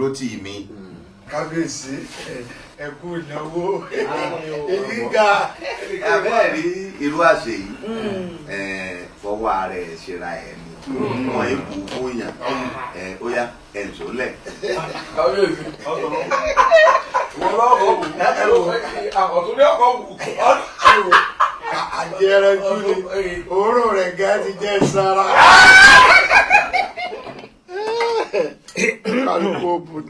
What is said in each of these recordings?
dúró tì mí. kábíyèsí ẹ kú ìnáwó èyí ga abẹ́ẹ̀ rí irú àṣẹ yìí mm. fọwọ́ ara ẹ̀ ṣera ẹ̀ ni mm. wọn yìí kú fóyàn ẹ ó yá ẹ̀ ń sọlẹ̀. kábíyèsí ọ̀sán wọn lọ́wọ́ wù ọ̀tún ní ọkọ̀ wù àjẹrẹ jù ni òórùn rẹ̀ gẹ́ ti jẹ́ sára. kálukú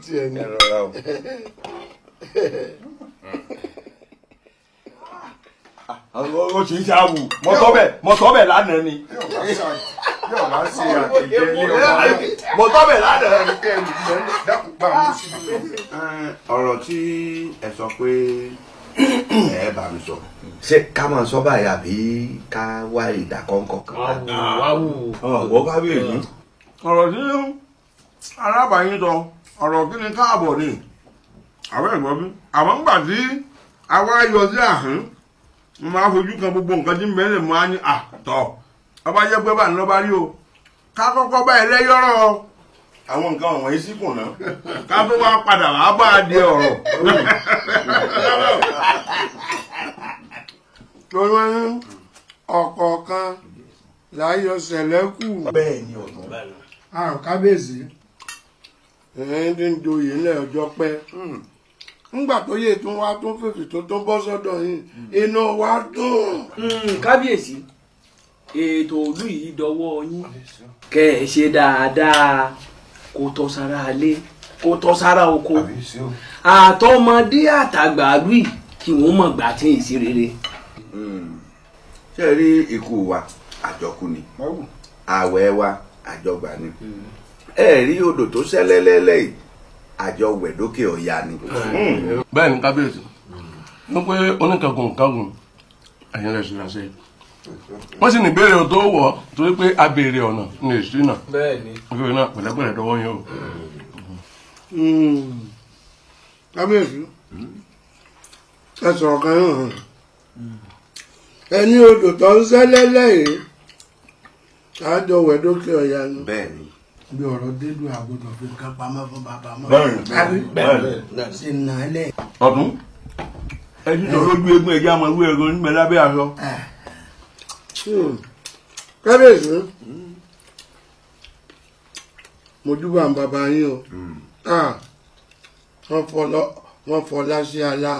mọtọbẹ hmm. ah, lánàá ni. mọtọbẹ lánàá ni. Eh, ọ̀rọ̀ tí ẹ sọ pé ẹ bá mi sọ ṣé ká máa sọ báyìí àbí ká wá ìdàkọ́ńkọ́ kan. wàá wù wàá wù arábàáyín sọ ọ̀rọ̀ kí ni káàbọ̀ ni àwọn ẹ̀gbọ́n mi àmọ́ ńgbà tí àwa yọ sí àhún mo máa fojú kan gbogbo nǹkan tí mẹ́rin mo á ní àtọ̀ ọba jẹ́ pé báyìí lọ́ba rí o ká kọ́kọ́ báyìí lẹ́yọ́rọ̀ àwọn nǹkan wọ̀nyí sí kùnà ká tó wá padà wá bá a di ọ̀rọ̀ torí wọn ní ọ̀kọ̀ọ̀kan láyọ̀ sẹ̀lẹ́kù bẹ́ẹ̀ ni ọ̀gbọ́n àrùn kábíyèsí ẹ̀ẹ́n tí ń joyè náà ọjọ́ pẹ́ hmm. ńgbà tó yẹ tó wá tó fèfì tó tó bọ́ sọ́dọ̀ yìí iná wa dùn. Hmm, kábíyèsí ètò òlú yìí dọwọ́ yín kẹ́ ẹ ṣe dáadáa kó tọ́ sára alé kó tọ́ sára oko àtọmọdé àtàgbà lùí kí wọ́n mọ̀ gbà tí ì rere. Hmm. ṣé rí ikú wa àjọkú ni ààwẹ̀ wa àjọgbà ni. Mm. ẹ odo odò tó ṣẹlẹ́lẹ́lẹ́ yìí àjọ wẹ̀ ni. bẹ́ẹ̀ ni kábíyèsí ló pé oníkangun kangun ẹ̀yìn rẹ̀ ṣùgbọ́n ṣe wọ́n sì ní ìbéèrè tó wọ̀ torí pé a béèrè ọ̀nà ní èsì náà ìbéèrè náà pẹ̀lẹ́pẹ̀lẹ́ dọ́wọ́ yín o. Hmm. kábíyèsí ẹ sọ̀rọ̀ kan yóò hàn ẹni odò tó ń àjọ ni. bẹ́ẹ̀ bí ọ̀rọ̀ dédú àgùdàn fi nǹkan pamọ́ fún bàbá mọ́. bẹ́ẹ̀ni bẹ́ẹ̀ni ṣe nà á lẹ̀. ọ̀tún ẹjú tó lójú egun ẹ̀jẹ̀ àmọ́ ìwé ẹ̀rọ nígbà lábẹ́ aṣọ. kábíyèsí mo júbà ń bàbá yín o hmm. wọ́n fọlá sí ala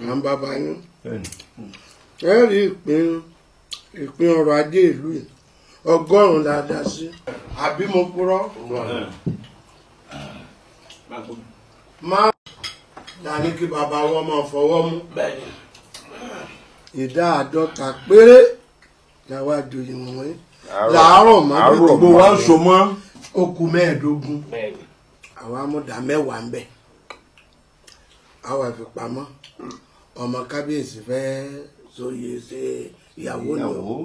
à ń bàbá yín. ẹ rí ìpín ìpín ọrọ̀ ajé ìlú yìí ọgọ́rùn-ún la dá sí àbí mo purọ́ máa la ní kí bàbá wọn máa fọwọ́ mú ìdá àádọ́ta péré làwọn àjòyè wọ̀nyí làárọ̀ máa bí gbogbo wa ń so mọ́ okùn mẹ́ẹ̀ẹ́dógún àwọn amúdà mẹ́wàá ń bẹ àwọn àfipamọ́ ọmọ kábíyèsí fẹ́ sóye ṣe ìyàwó nìyàwó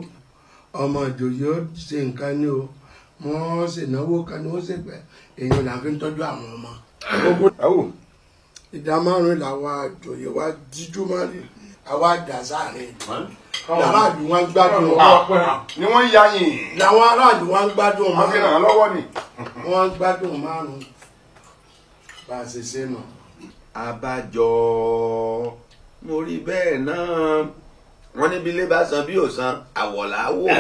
ọmọ ìjòyè ó ṣe nǹkan ní o wọ́n ṣe náwó kan ní ó ṣe pẹ́ èèyàn là ń fi tọ́jú àwọn ọmọ. ìdá márùn-ún làwa ìjòyè wa díjú márùn-ún àwa dà sáàrin aráàlú wa ń gbádùn ọmọ ni wọ́n ya yìí. làwọn aráàlú wa ń gbádùn ọmọ náà lọ́wọ́ ni. wọ́n ń gbádùn márùn bá a ṣe ṣe nù. abájọ mo rí bẹ́ẹ̀ náà wọ́n níbi ilé bá san bí ò san àwọ̀là wò ó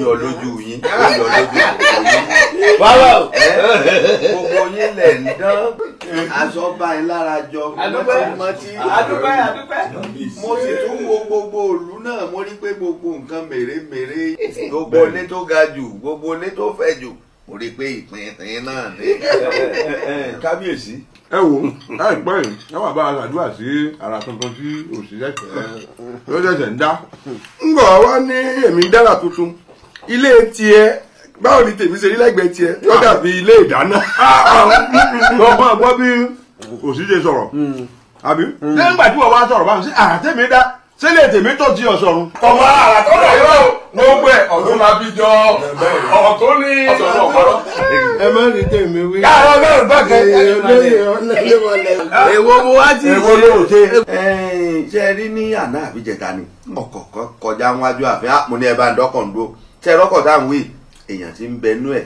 yọ lójú yín ó yọ lójú yín. wàhálà o. gbogbo yín lẹ̀ ń dán aṣọ bá lára jọ mọtí mọtí mo sì tún wo gbogbo òlu náà mo rí pé gbogbo nǹkan mèremère gbogbo ilé tó ga jù gbogbo ilé tó fẹ̀ jù mo rí pé ìpín ìpín náà ní. kábíyèsí ẹ wò láìpẹ́ yìí ẹ wà bá a ṣàdúrà sí ara tuntun tí òṣìṣẹ́ ló ṣẹ̀ṣẹ̀ ń dá ńgbọ̀ wá ní èmi dára tuntun ilé tiẹ̀ báwo ni tèmi ṣe rí lẹ́gbẹ̀ẹ́ tiẹ̀ tó dàbí ilé ìdáná lọ́gbọ́n gbọ́ bí òṣìṣẹ́ sọ̀rọ̀ hmm. àbí hmm. lẹ́yìn ìgbà tí wọ́n wá sọ̀rọ̀ báwọn sí àràtẹ́mi dá ṣé lè tèmi tó di ọ̀ṣọ́run. ọmọ àràkọ́dà yóò gbogbo ẹ̀ ọ̀dún máa bí jọ ọ̀rọ̀ tó ní ọ̀ṣọ́run ọ̀pọ̀lọ́. ẹ má rí tèmi wí. káàárọ̀ bẹ́ẹ̀ bá kẹ́ ẹ lóye ọ̀nẹ́lẹ́wọlẹ̀. èwo mo wá sí ìṣe èwo ló ṣe. ṣe rí ní àná àbíjẹta ni ọkọ̀ kọjá wájú àfẹ́ mo ní ẹ bá ń dọ́kọ̀ ń dúró ṣe ẹ rọ́kọ̀ táwọn wí èèyàn ti ń bẹnú ẹ̀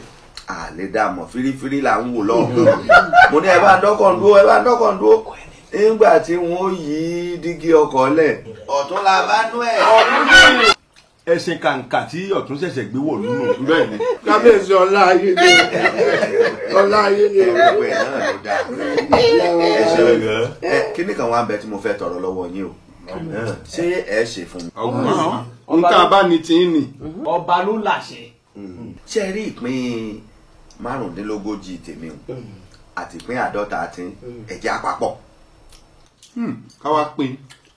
àlè dààmú fírífírí là ń wò lọ́wọ́ mo ní ẹ bá ń dọ́kọ̀ ń dúró ẹ nígbà tí wọ́n yí dígí ọkọ̀ lẹ̀ ọ̀tún la bá nú ẹ̀. ẹ̀sìn kàǹkà tí ọ̀tún ṣẹ̀ṣẹ̀ gbé wò nínú bẹ́ẹ̀ ni. kábíyèsí ọlá ayé ni ọlá ayé ni ìwé náà ló dáa. ẹ ṣe ẹ kí ni kan wá bẹ tí mo fẹ́ tọrọ lọ́wọ́ yín o ṣé ẹ ṣe fún mi. nǹkan abánití ni. ọba ló làṣẹ. Mm. ṣé ẹ rí ìpín márùndínlógójì tèmi o mm. àti ìpín àádọ́ta àti mm. ẹ̀jẹ̀ àpapọ̀. Hmm, káwá pin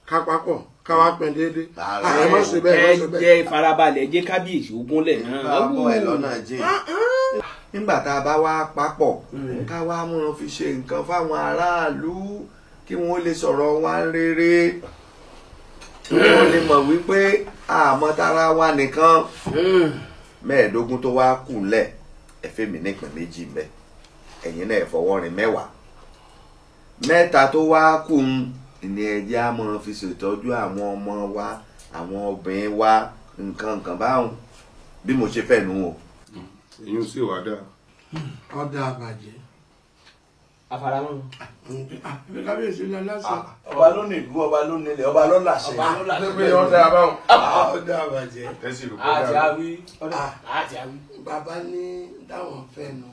kápá pọ̀ káwá pin déédéé ààrẹ má ṣe bẹ́ẹ̀ má ṣe bẹ́ẹ̀. ẹ jẹ́ ìfarabalẹ̀ jẹ́ kábíyèsí ogúnlẹ̀ náà. báwo ẹ lọ́nà jìn ah, ah. nígbà tá a bá wá papọ̀ hmm. káwá mú wọn fi ṣe nǹkan fáwọn aráàlú kí wọ́n lè sọ̀rọ̀ wá rere kí wọ́n lè mọ̀ wípé àmọ́ tara wa nìkan hmm. mẹ́ẹ̀ẹ́dógún tó wá kù lẹ̀ ẹ̀fẹ́ mi nípìn méjì mẹ́ ẹ̀yin náà ẹ̀fọwọ́rin mẹ́wàá mẹ́ta tó wá kù ń ní ẹjẹ́ á mọ fi ṣètọ́jú àwọn ọmọ wa àwọn obìnrin wa nǹkan nǹkan báwọn bí mo ṣe fẹ́ nu o. ìyún sì wá dáa. ọ̀dà àbàjẹ́. àfàràmọ́. kábíyèsí ni aláṣà. Ah, ọba ló ní ìlú ọba ló nílẹ̀ ọba ló làṣẹ. ọba ló làṣẹ. pé ọ̀dà àbáwọn. ọ̀dà ah, àbàjẹ́. ẹsìn ló kó dáa. àti àwí. àti ah. àwí. bàbá ní dáwọn fẹ́ nu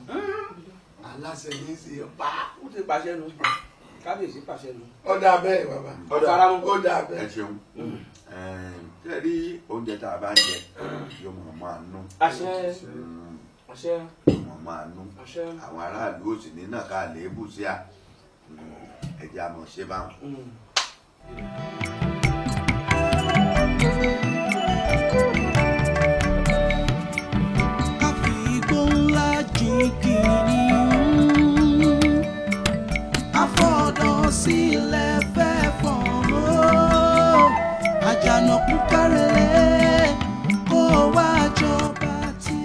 aláṣẹ ní í ṣe ó ti pàṣẹ nu kábíyèsí pàṣẹ ni. ọ̀dà bẹ́ẹ̀ bàbá ọ̀dà bẹ́ẹ̀. ẹ ṣeun tẹ mm. rí oúnjẹ tá a bá ń jẹ yóò mọ̀ máa nú. àṣẹ mm. àṣẹ yóò mọ̀ máa nú. àṣẹ àwọn aráàlú ò sì ní náà ká lèébù sí à mm. ẹ̀jẹ̀ àmọ̀ ṣe báwọn. thank you sílẹ̀ fẹ́ fọ̀n o àjànàkú kárẹ̀lẹ̀ kó wá jọba tí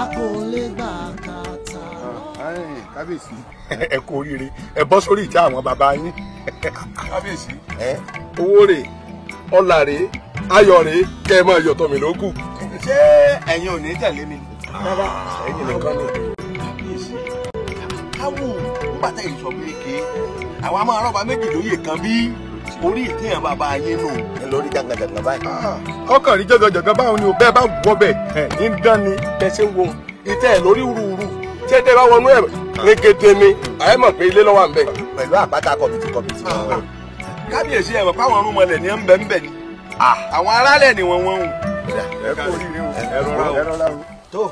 a kò lè gbà kàtà. Ah, ah, eh, kábíyèsí ẹ kú oríire ẹ bọ́ sórí ìjà àwọn bàbá yín kábíyèsí owó rè ọlà rè ayọ̀ rè kẹ́ ẹ máa yọ̀ tọ̀ mí lókù. ṣé ẹ̀yin ò ní tẹ̀lé mi. rárá ah, ẹ̀yin nìkan ni. kábíyèsí káwọ nígbà tá èyí sọ àwa máa rọ́ọ̀bà méjì lóye kan bí orí ìtẹ̀yàn bàbá yín nù. ẹ lọ rí jàgàjàgà báyìí. ọkàn ah, rí jàgàjàgà báwọn ni ò bẹ́ẹ̀ bá wọ bẹ́ẹ̀ ní dán ni bẹ́sẹ̀ wo ìtẹ́ ẹ̀ lórí wúruwúru tí ẹ tẹ́ bá wọnú ẹ̀ rẹ́gẹ́dẹ́ mi àyẹ̀ mọ̀ pé ilé lọ́wọ́ à ń bẹ̀. pẹ̀lú àpáta kọ̀mìtì kọ̀mìtì. Ah, ah. kábíyèsí ẹ̀ mọ̀ páwọn ọ̀run mọ̀lẹ̀ ni ẹ̀ ń bẹ̀ ń bẹ̀ ni àwọn aráàlẹ̀ ni wọ́n wọ́n hù. ẹ kú oríire o ẹ rọra o tó.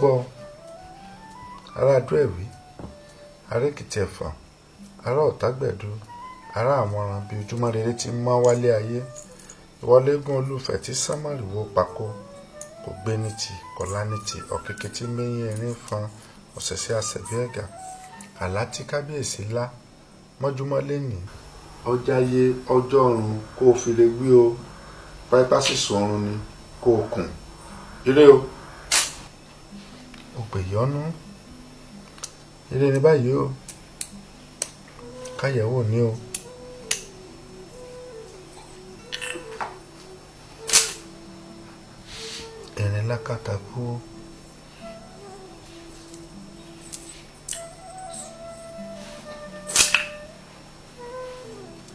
gbọ́ ará adúẹ̀wí ará èkìtì ẹ̀fà ará ọ̀tágbẹ̀dú ará àwọn ọ̀ràn bíi ojúmọ́ rere ti mọ́ wálé ayé ìwọlégún olúfẹ̀ tí sámárì wo pako kò gbé ní ti kọ̀lá ní ti ọ̀kẹ́kẹ́ tí mẹ́yìn erin fan ọ̀sẹ̀sẹ̀ àṣẹ̀bí ẹ̀gà àlá tí kábíyèsí lá mọ́júmọ́ lẹ́nìí ọjàyé ọjọ́ ọ̀run kó o fi lè gbé o páípásì sọ̀run ni kó o kùn ire o pè yọnú eré ni báyìí o káyẹ̀wò ni o. ẹ̀rín lákàtàkù o.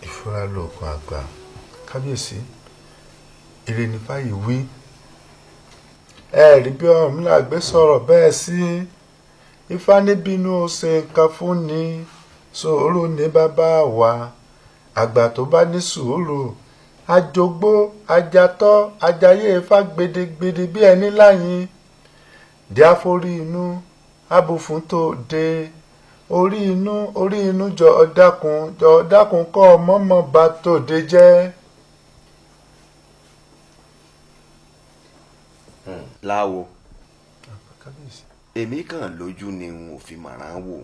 ìfura lóògùn àgbà kábíyèsí eré ni báyìí wí. Oui ẹ rí bí Ọ̀rúnmìlà sọ̀rọ̀ bẹ́ẹ̀ sí Ifá ní bínú ṣe nǹkan fún ni sùúrù ní bàbá wa àgbà tó bá ní sùúrù àjògbó àjàtọ́ àjàyè Ifá gbedegbede bí ẹni láyìn díàforí inú abòfun tó dé orí inú orí inú jọ dákun jọ dákun kọ́ ọmọ mọ́ bá tòde jẹ́ láwo èmi kàn lójú ni n ò fi màrán wò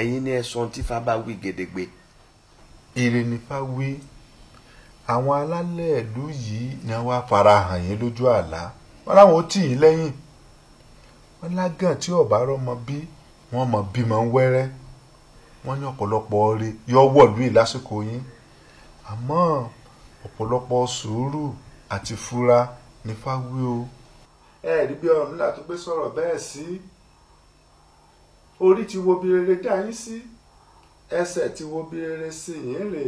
ẹ̀yin ni ẹ tí fa bá wí gedegbe. èrè ni fa wí àwọn alálẹ̀ ìlú yìí ni wọ́n á fara hàn yín lójú àlá wọn láwọn ó tì yín lẹ́yìn wọn lágàn tí ọ̀bá rọ́mọ bí wọ́n mọ̀ bímọ wẹ́rẹ́ wọ́n ní ọ̀pọ̀lọpọ̀ ọrẹ yọ wọ̀lú yìí lásìkò yín àmọ́ ọ̀pọ̀lọpọ̀ sùúrù àti fura ni fáwí o ẹ̀ẹ́dì bí ọ̀rọ̀ nílà tó gbé sọ̀rọ̀ bẹ́ẹ̀ sí orí ti wo bí rere dá yín sí ẹsẹ̀ ti wo bí rere sí yín rè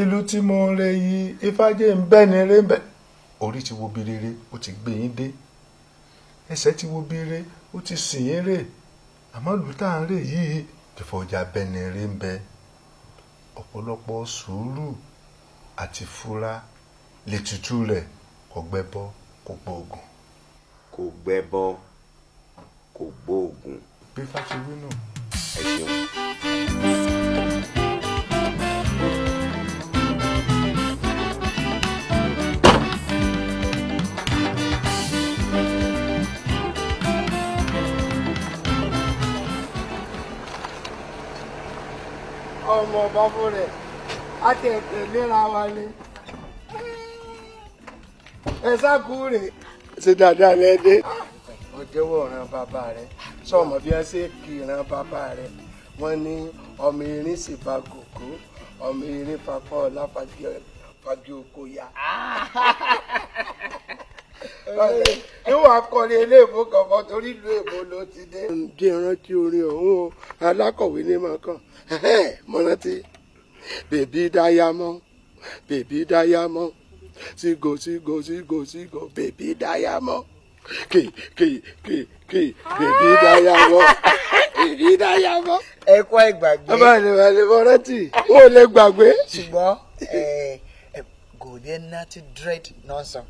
ìlú tí mo ń re yí ifájé ń bẹ́ ni ré ń orí ti wo bí rere ó ti gbé yín dé ẹsẹ̀ ti wo bí rere ó ti sì yín rè àmọ́ ìlú tá à ń rè yìí ìfọ̀jà bẹ́ ni ré ń bẹ́ ọ̀pọ̀lọpọ̀ sùúrù àti fura lè tutù rẹ̀ kò gbẹ́bọ gbóògùn kò gbẹbọ kò gbóògùn. bí fáṣe wí nù. ẹ ṣeun. ọmọ ọba fún rẹ a tẹ̀tẹ̀ léra wa ni ẹ sá kú rèé ṣe dáadáa lẹ́dẹ́. ó jẹ́wọ́ ọ̀ràn bàbá rẹ̀ sọ̀mọ bí wọ́n ṣe kí ìran bàbá rẹ̀ wọ́n ní ọmọ erin sì bá gògó ọmọ erin papọ̀ láfàgì oko yá. níwọ̀n akọrin ilé èbó kankan torí ìlú èbó ló ti dé. ǹjẹ́ ìrántí orin ọ̀hún o alákọ̀wé ní màá kàn mọ̀rántí bèbí dáyàmọ́ bèbí dáyàmọ́ go go Sigo, go sigo, go, baby diamond. Kì, kì, kì, kì, baby diamond. Baby diamond. Ẹ kọ́ ẹ gbàgbé. Ọba àlèwà lè mọ rántí. Ó lè gbàgbé. Ṣùgbọ́n kò dé ná ti dread nọ́sàn.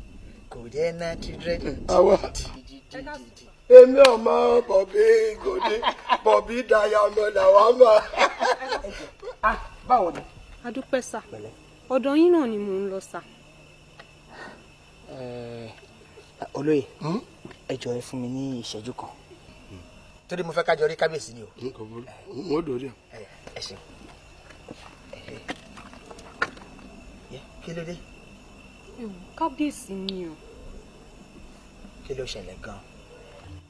Kò dé ná ti dread. Àwa èmi ọmọ bọ̀bí gòdì bọ̀bí diamond làwọn máa. Ah, báwo ni. adúpẹ́ sà ọ̀dọ̀ yín náà ni mò ń lọ sà. Eh, olóyè ẹ jọ ẹ fún mi ní ìṣẹ́jú kan. torí mo fẹ́ ká jọ rí kábíyèsí ni o. wọ́n dò rí ẹ. ẹ ṣeun eh, kí ló dé. kábíyèsí ni o. kí ló ṣẹlẹ̀ gan-an.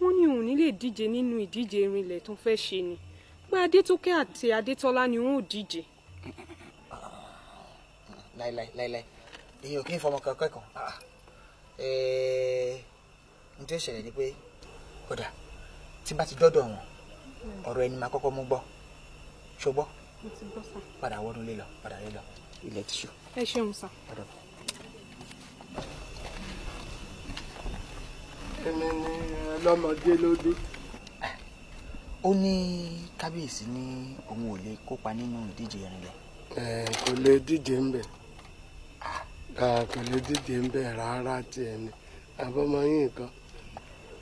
wọ́n ní òun nílé díje nínú ìdíje irinlẹ̀ tó fẹ́ ṣe ni pé adétókè àti adétọ́lá ni wọn ò díje. láìláì láìláì èyí ò kí ń fọmọ kankan kan. Ah, n eh, tó ṣẹlẹ̀ ni pé kódà tí n bá ti dọ́dọ̀ wọn ọ̀rọ̀ ẹni máa kọ́kọ́ mú gbọ́ ṣọgbọ́ padà wọnú lé lọ padà lé lọ ilẹ̀ tìṣú. ẹ ṣeun sá. èmi ni ọlọ́mọdé ló dé. ó ní kábíyèsí ní òun ò lè kópa nínú ìdíje ìrìnlẹ̀. ẹ kò lè díje ń bẹ̀. Ah kò lè dìde ń bẹ̀ rárá tiẹ̀ ni àbọ̀mọ yín nǹkan.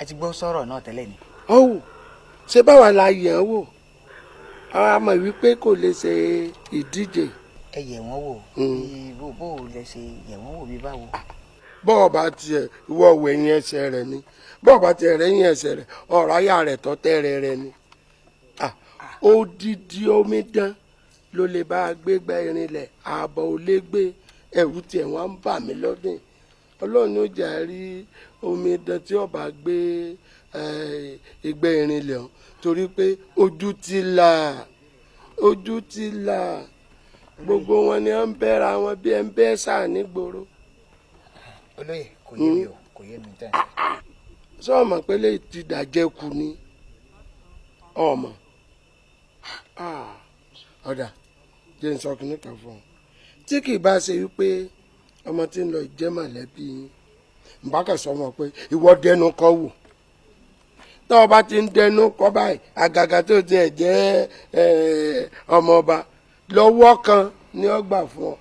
ẹ ti gbọ́ sọ̀rọ̀ náà tẹ́lẹ̀ ni. ọ̀hún ṣé báwa la yẹ̀ ẹ́ wò àwọn àmọ̀ wípé kò lè ṣe ìdíje. ẹ yẹ̀ wọ́n wò hmm. bí bó o lè ṣe yẹ̀ wọ́n wò bí báwo. Ah. bọ́ọ̀ bá tiẹ̀ ìwọ òwe yín ẹsẹ̀ rẹ̀ ni bọ́ọ̀ bá tiẹ̀ rẹ̀ yín ẹsẹ̀ rẹ̀ ọ̀rọ̀ ayá rẹ̀ tọ́ tẹ́rẹ̀ rẹ̀ ni. Ah. Ah. odidi omidan ló lè bá a gbégbá irin lẹ̀ ààbọ̀ ò lè gbé e ẹ̀rù tiẹ̀ wọ́n ń bà mí lọ́dún ọlọ́run ní òjà rí omi dán tí ọba gbé eh, ẹgbẹ́ irin lẹ̀ torí pé ojú ti là ojú ti là gbogbo wọn ni wọ́n bẹ́ra wọn bí ẹ ń bẹ́ sà nígboro. olóyè kò yé mi o hmm. kò yé mi tán. sọ́ọ̀mọ̀ pé ti dàjẹ́ ni ọmọ ah, ọ̀dà jẹ́ nsọ́kùnrin kan fún ọ tí kì í bá ṣe wípé ọmọ tí ń lọ ìjẹ́ mọ̀lẹ́bí mbákàsọ wọn pé ìwọ dẹnu kọ wò tọ́ ọba ti ń dẹnu kọ báyìí àgàgà tó tiẹ̀ jẹ́ ọmọ ọba lọ́wọ́ kan ni ó gbà fún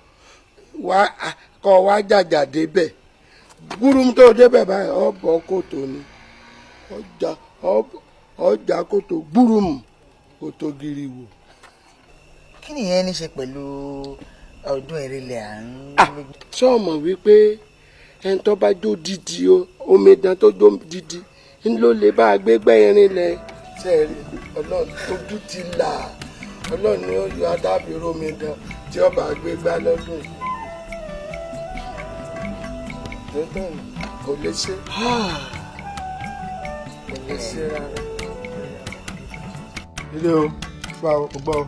ọ kọ wá jàjà débẹ̀ gúrúm tó débẹ̀ báyìí ọ̀bọ̀ kòtò ni ọjà kòtò gúrúm kòtò gírí wò. kí nìyẹn ní ṣe pẹ̀lú ọdún ìrìlẹ̀ à ń. ṣé o mọ̀ wípé ẹni tó bá jó dídì omidan tó jó dídì ló lè bá a gbé gbẹ̀yìn lẹ̀. ṣe é rí ọlọ́run ojú ti là ọlọ́run ni ó yọ adábìrò omidan tí ọba gbé gbá lọ́dún yìí. kò lè ṣe kò lè ṣe rárá. ilé o fún ọgbọ́n.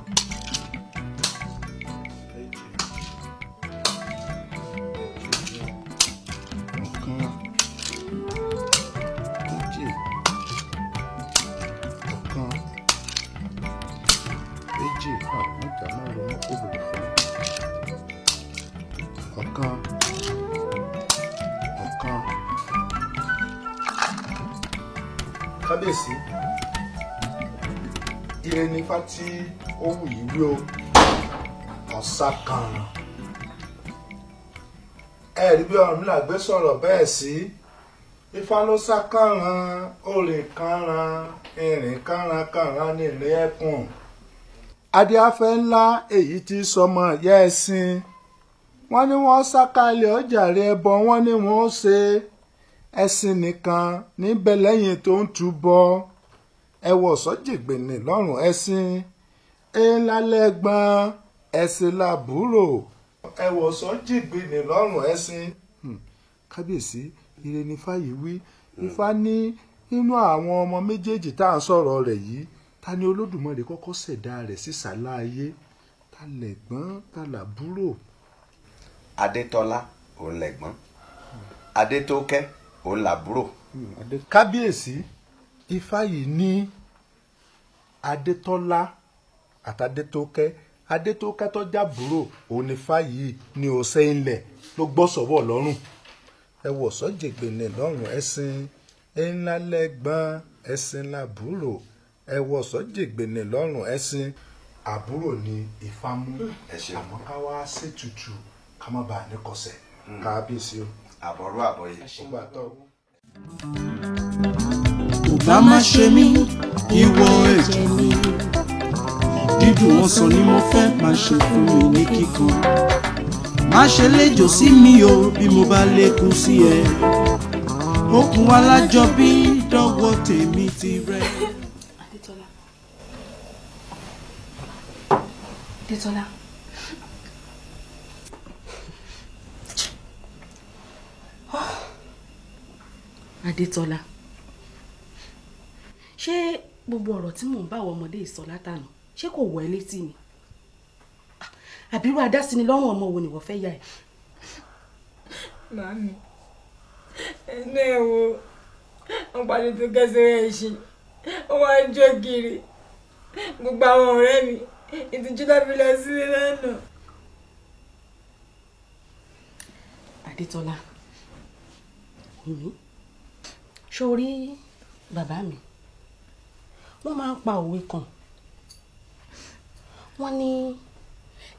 tí ohun yìí wí o ọ̀sà kan ẹ rí bí Ọ̀rúnmìlà gbé sọ̀rọ̀ bẹ́ẹ̀ sí ifá ló sá kànràn orin kànràn irin kànràn kànràn nílé ẹkùn adíáfẹ́ ńlá èyí tí sọmọ ìyá ẹ̀sìn wọ́n ní wọ́n sákàlẹ̀ ọ̀jàre ẹbọ wọ́n ní wọ́n ṣe ẹ̀sìn nìkan níbẹ̀ lẹ́yìn tó ń túbọ̀ ẹ wọ sọ́jìgbìnì lọ́rùn ẹṣin ẹ̀ńlálẹ́gbọ́n ẹṣin làbúrò ẹ wọ sọ́jìgbìnì lọ́rùn ẹṣin. Hmm, kábíyèsí ire ni fáyì wí ifá ní nínú àwọn ọmọ méjèèjì tá à ń sọ̀rọ̀ rẹ̀ yìí ta ni olódùmarè kọ́kọ́ ṣẹ̀dá rẹ̀ sísàlá ayé ta lẹ̀gbọ́n ta làbúrò. adétọ́lá òun lẹ̀gbọ́n adétókẹ́ òun làbúrò. Hmm, kábíyèsí. Hmm ifá yìí ní adétọ́lá àtàdétókẹ́ adétókẹ́ tó jábúrò òun ní ifá yìí ní ọ̀sẹ̀ ilẹ̀ ló gbọ́ sọ́wọ́ lọ́rùn ẹ wọ̀ sọ́jẹ̀gbẹ̀nì lọ́rùn ẹ̀sìn ńlá lẹ́gbọ́n ẹ̀sìn làbúrò ẹ wọ̀ sọ́jẹ̀gbẹ̀nì lọ́rùn ẹ̀sìn àbúrò ni ifá mú àmọ́ ká wá ṣètùtù ká má bàa ní kọsẹ̀ hmm. kábíyèsí o. àbọ̀rú àbọ̀yé. ó gbà tọ́. thank you bá má ṣe mí ìwọ ẹ̀jẹ̀ mi dídùn ọsàn ni mo fẹ́ máa ṣe fún mi ní kíkan má ṣe léjò sí mi o bí mo bá lékun sí ẹ okùn alájọ bí dọ́wọ́ tèmi ti rẹ. Adétọ́lá Adétọ́lá ṣé gbogbo ọ̀rọ̀ tí mò ń bá àwọn ọmọdé sọ látànà ṣé kò wọ ẹ létí ni àbírú adásí ni lọ́rùn ọmọ wo ni wọ́n fẹ́ yà ẹ́. màámi ẹnu ẹ wo wọn pàdé tó kẹsàn án ẹ ṣe wọn wá jó kiri gbogbo àwọn ọ̀rẹ́ mi ìtìjú láfi lọ sílé lánàá. adétọ́lá ṣó rí bàbá mi wọ́n máa ń pa òwe kan wọ́n ní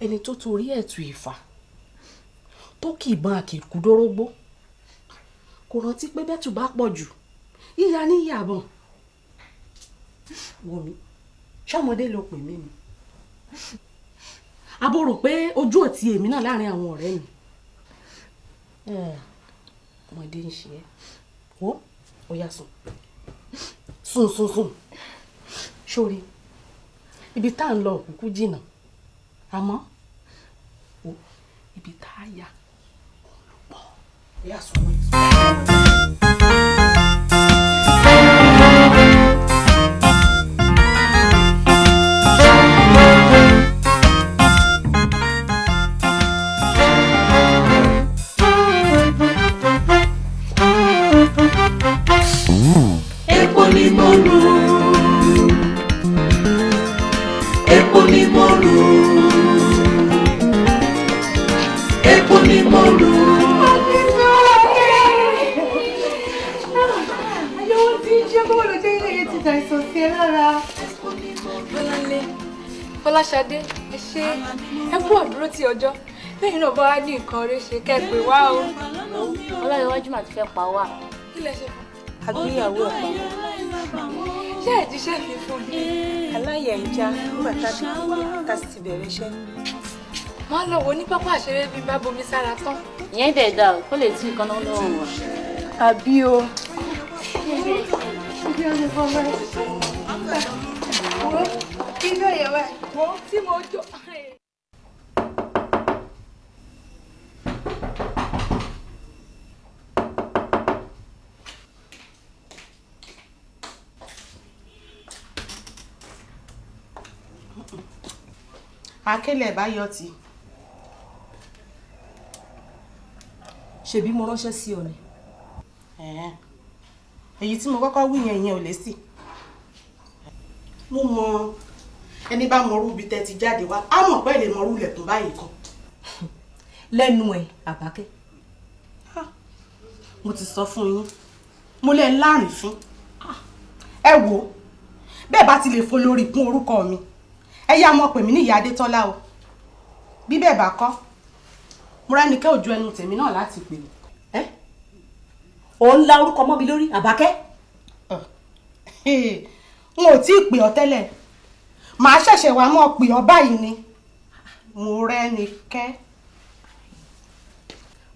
ẹni tó torí ẹ̀tù ìfà tó kì í ban àkìkú dórógbó kò rántí pé bẹ́tù bá pọ̀ jù yíya ní ìyàbọ̀n wò mí ṣọmọdé ló pè mí ni abo rò pé ojú òtí èmi náà láàrin àwọn ọ̀rẹ́ mi ọmọdé ń ṣe é wò ó yá sùn sùn sùn sùn sórí ibi tá à ń lọ òkúkú jìnnà àmọ́ o ibi tá a yà ló pọ̀. ní nǹkan orí ṣe kẹ́pẹ́ wá o. ọlọ́run iwájú màá ti fẹ́ pa wá. kí lẹ ṣe fún un. àgbéyàwó ẹ̀ pa wọ́n. ṣé ìjíṣẹ́ fi fún mi. aláyẹ̀ ń já nígbà tá a ti bẹ̀rẹ̀ iṣẹ́. wọ́n lọ wo ní pápá àṣẹrẹ́ bíi bá bomi sára tán. ìyẹn dẹ̀ dà ó kó lè tún ìkànnà ọlọ́run wá. àbí o. ṣé o ṣe fọ́ mẹ́rin? wo kí ló yẹ wá? wo tí mo jọ. akélẹ̀ báyọ̀ tì ṣebí mo ránṣẹ́ sí ọ ni. èyí tí mo kọ́kọ́ wí yẹn ìyẹn ò lè sí. mo mọ ẹni bá mọrú ibi tẹ́ ti jáde wá á mọ̀ pé lè mọrú ilẹ̀kùn báyìí kan. lẹ́nu ẹ̀ àbákẹ́ mo ti sọ fún yín mo lẹ́ ń láàrín fún ah! ẹ wò bẹ́ẹ̀ bá ti lè fo lórí kún orúkọ mi ẹ yá mọ pè mí ní ìyá adétọ́lá o bí bẹ́ẹ̀ bá kọ́ múranikẹ́ òjú ẹnu tèmi náà láti pè mí. ẹ ò ń la orúkọ mọ́ mi lórí àbákẹ́. n ò tí ì pè ọ́ tẹ́lẹ̀ màá ṣẹ̀ṣẹ̀ wá mọ́ pè ọ́ báyìí ni múranikẹ́.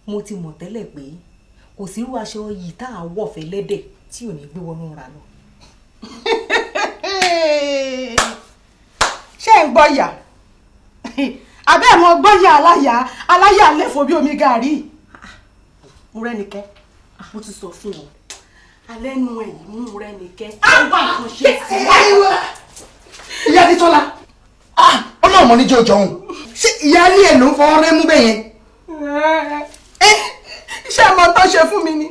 mo ti mọ̀ tẹ́lẹ̀ pé kò sírú aṣọ yìí tá a wọ̀ fẹ́ lẹ́dẹ̀ tí ò ní gbé wọnú ra lọ. ṣé ń gbọ́yà àbẹ́ ẹ̀ mọ gbọ́yà aláyà aláyà lẹ́fọ̀ọ́ bí omi gàrí mo rẹ́nikẹ́ mo ti sọ fún ọ alẹ́ nu ẹ̀ mú rẹ́nikẹ́ ó wà nǹkan ṣe sí i. ìyá ti tọ́lá ọlọ́run ah! mọ̀ níjẹ́ òjò òun ṣé ìyá ilé ẹ̀ ló ń fọwọ́ rẹ́ mú bẹ́ẹ̀ yẹn. iṣẹ́ ọmọ tó ṣe fún mi ni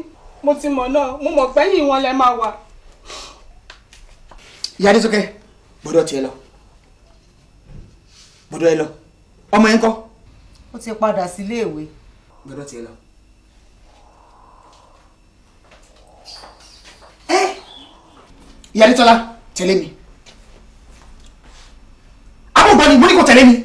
mo ti mọ̀ náà mo mọ̀ pẹ́yìn wọn lẹ máa wà. ìyá adétókè gbọ́dọ̀ tiẹ̀ lọ gbọ́dọ̀ ẹ lọ ọmọ yẹn kọ́. ó ti padà sílé ìwé. gbọ́dọ̀ tiẹ̀ lọ. ìyá adétọ́lá tẹ̀lé mi. àbúgbọ́n ni mo ní kò tẹ̀lé mi.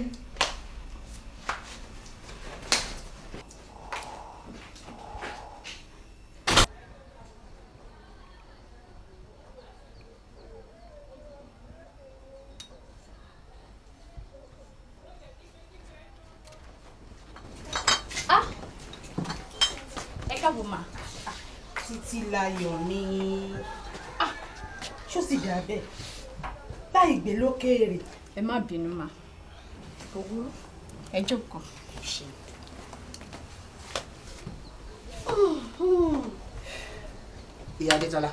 ẹ má bínú mà owó ẹ jókòó. ìyá adétọ́lá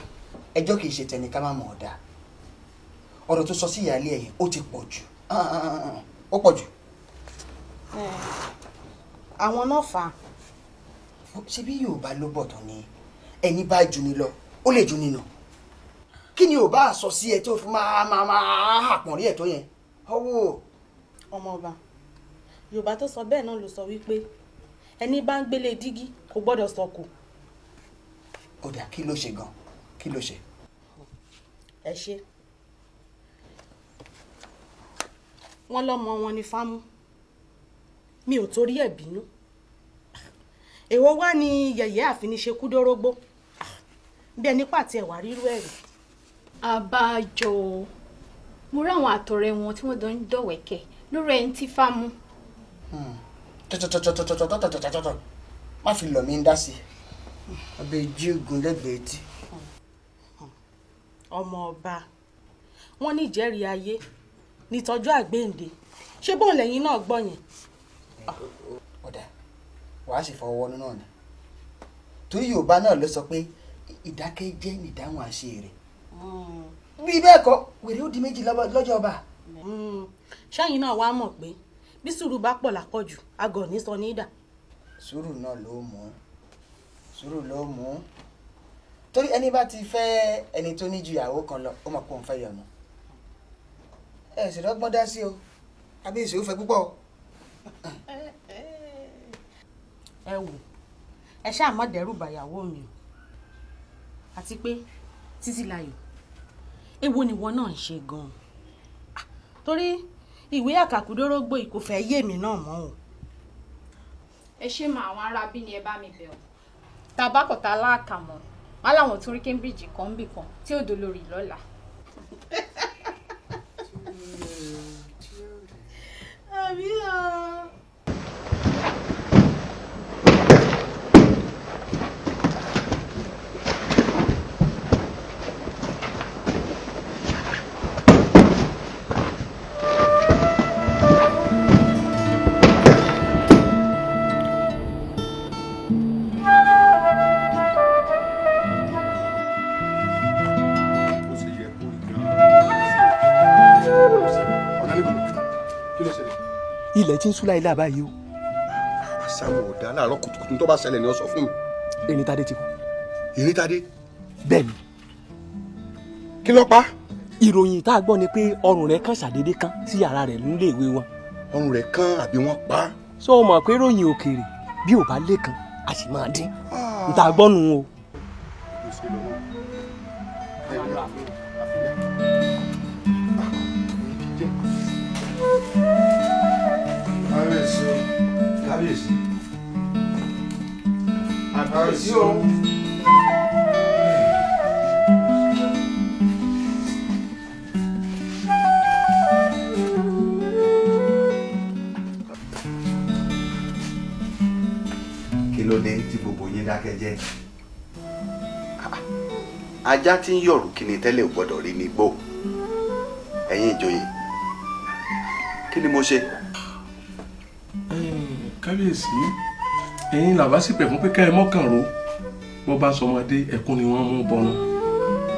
ẹjọ́ kìí ṣe tẹ̀lé ká má mọ̀ ọ́ dáa ọ̀rọ̀ tó sọ sí ìyáálé ẹ̀ ó ti pọ̀ jù ó pọ̀ jù. àwọn náà fà á. ṣé bí yorùbá ló bọ̀ ni ẹni bá jù ni lọ ó lè jù ni nà kí ni yorùbá sọ sí ẹ tó fi máa máa máa àpọ̀nrí ẹ̀ tó yẹn ọwọ́. ọmọọba yorùbá tó sọ bẹ́ẹ̀ náà ló sọ wípé ẹni bá ń gbélé dígí kò gbọ́dọ̀ sọkò. ó dà kí ló ṣe gan kí ló ṣe. ẹ ṣe wọn lọmọ wọn ní fámú mi ò torí ẹ̀ bínú èwo wá ní yẹ̀yẹ́ àfiniṣekú dórógbó bí ẹni pàtí ẹwà rírú ẹ̀rí. àbájọ mo rí àwọn àtọ̀rẹ́ wọn tí wọ́n jọ ń dọ̀wẹ́kẹ̀ lórí ẹni tí fá mú. Hmm. tọ́tọ̀tọ̀tọ̀tọ̀tọ̀tọ̀tọ̀tọ̀ má fi lọ̀ mí ń dá sí i abẹ́ ìjí ogun lẹ́gbẹ̀ẹ́ tí. Hmm. ọmọ ọba wọn ní ìjẹ́rìí ayé nítọ́jú àgbéǹde ṣé bóun lẹ́yìn náà gbọ́ yẹn. ọ̀dà wàá sì fọwọ́ nínú ọ̀nà torí yorùbá náà ló sọ pé ìdákẹ́jẹ́ nìdáhùn àṣẹ rẹ̀. Hmm bí bẹ́ẹ̀ kọ́ wèrè ó di méjì lọ́jọ́ ọba. Hmm. ṣáàyìn náà wàá mọ̀ pé bí sùúrù bá pọ̀ lápọ̀jù agọ̀ ní sọ ní ìdà. sùúrù náà ló mú sùúrù ló mú torí ẹni bá ti fẹ́ ẹni tó ní ju ìyàwó kan lọ ó mọ̀ pé òun fẹ́ yọ̀nù ẹ sì rọ́gbọ́n dá sí o àbí ìṣòro fẹ́ púpọ̀. ẹ wò ẹ ṣáà má dẹ́rù bàyàwó mi o àti pé títí láyò èwo nìwọ náà ń ṣe gan-an ah, torí ìwé àkàkúdórógbò yìí kò fẹ́ yé mi náà mọ́ o. ẹ ṣe mọ àwọn arábí ni ẹ bá mi bẹ̀ ọ́ tabakọ̀tà aláàkà mọ́ wọn láwọn tún rí Cambridge kan ń bì kan tí ò dolórí lọ́la. àbí ọ̀. ti ń sún láìláà báyìí o. àṣàwọ̀ ọ̀dà láàárọ̀ kùtùkùtù tó bá ṣẹlẹ̀ ni ó sọ fún mi. Erinitade ti kú. Erinitade. bẹ́ẹ̀ni. kí ló pa. ìròyìn tá a gbọ́ ni pé ọrùn rẹ̀ kàn ṣàdédé kán sí yàrá rẹ̀ nílé ìwé wọn. ọrùn rẹ̀ kán àbí wọ́n pa. sọ ma pé ròyìn òkèèrè bí ò bá lé kan a sì máa dín. Ah. n ta o. kábíyèsí o. kí ló dé tí gbogbo yín dákẹ́ jẹ́. Ah, ajá tí ń yọ̀rù kí ni tẹ́lẹ̀ ò gbọ́dọ̀ rí ní gbó ẹ̀yin ìjòyè kí ni mo ṣe. Eh, kábíyèsí ẹ̀yin làbá sì pẹ̀ fún pé ká ẹ mọ́kàn ro bó bá sọmọdé ẹ̀kún ni wọ́n mú bọnu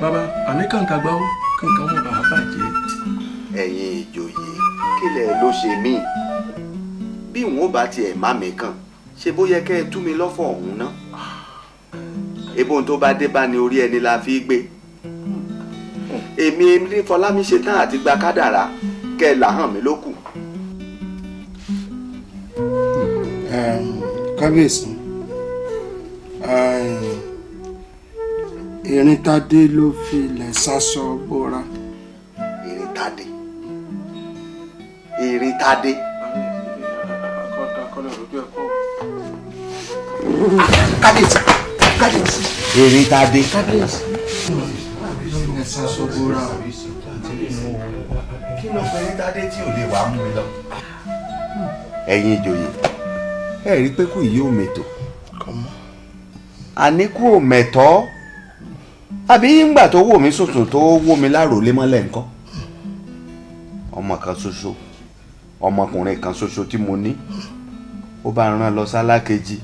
bàbá àmì kàǹkà gbáwó kí nǹkan mọ̀ bàá bàjẹ́. ẹ̀yin ìjòyè kílẹ̀ ló ṣe mí bí wọn ò bá tiẹ̀ má mi kàn ṣe bó yẹ kẹ́ ẹ tú mi lọ́fọ̀ ọ̀hún ná ebo tó bá dé bá ní orí ẹni la fi gbé èmi ní fọlámi ṣe tán àti gba kádàrá kẹ́ ẹ là lókù kábíyèsí Erintáde ló fi ilẹ̀ sásọ bóra. Erintáde Erintáde. kábíyèsí kábíyèsí. Erintáde. kábíyèsí. ilẹ̀ sásọ bóra. kí ló pe Erintáde tí ò lè wàá mú mi lọ. ẹ̀yin ìjòyè ẹ rí pé kú yìí ò mètò àníkù ò mẹ̀tọ́ àbí ńgbà tó wò mí sùsùn tó wò mí láròlé mọ́lẹ̀ ńkọ́ ọmọ kan ṣoṣo ọmọkùnrin kan ṣoṣo tí mo ní ó bá rán lọ sálákejì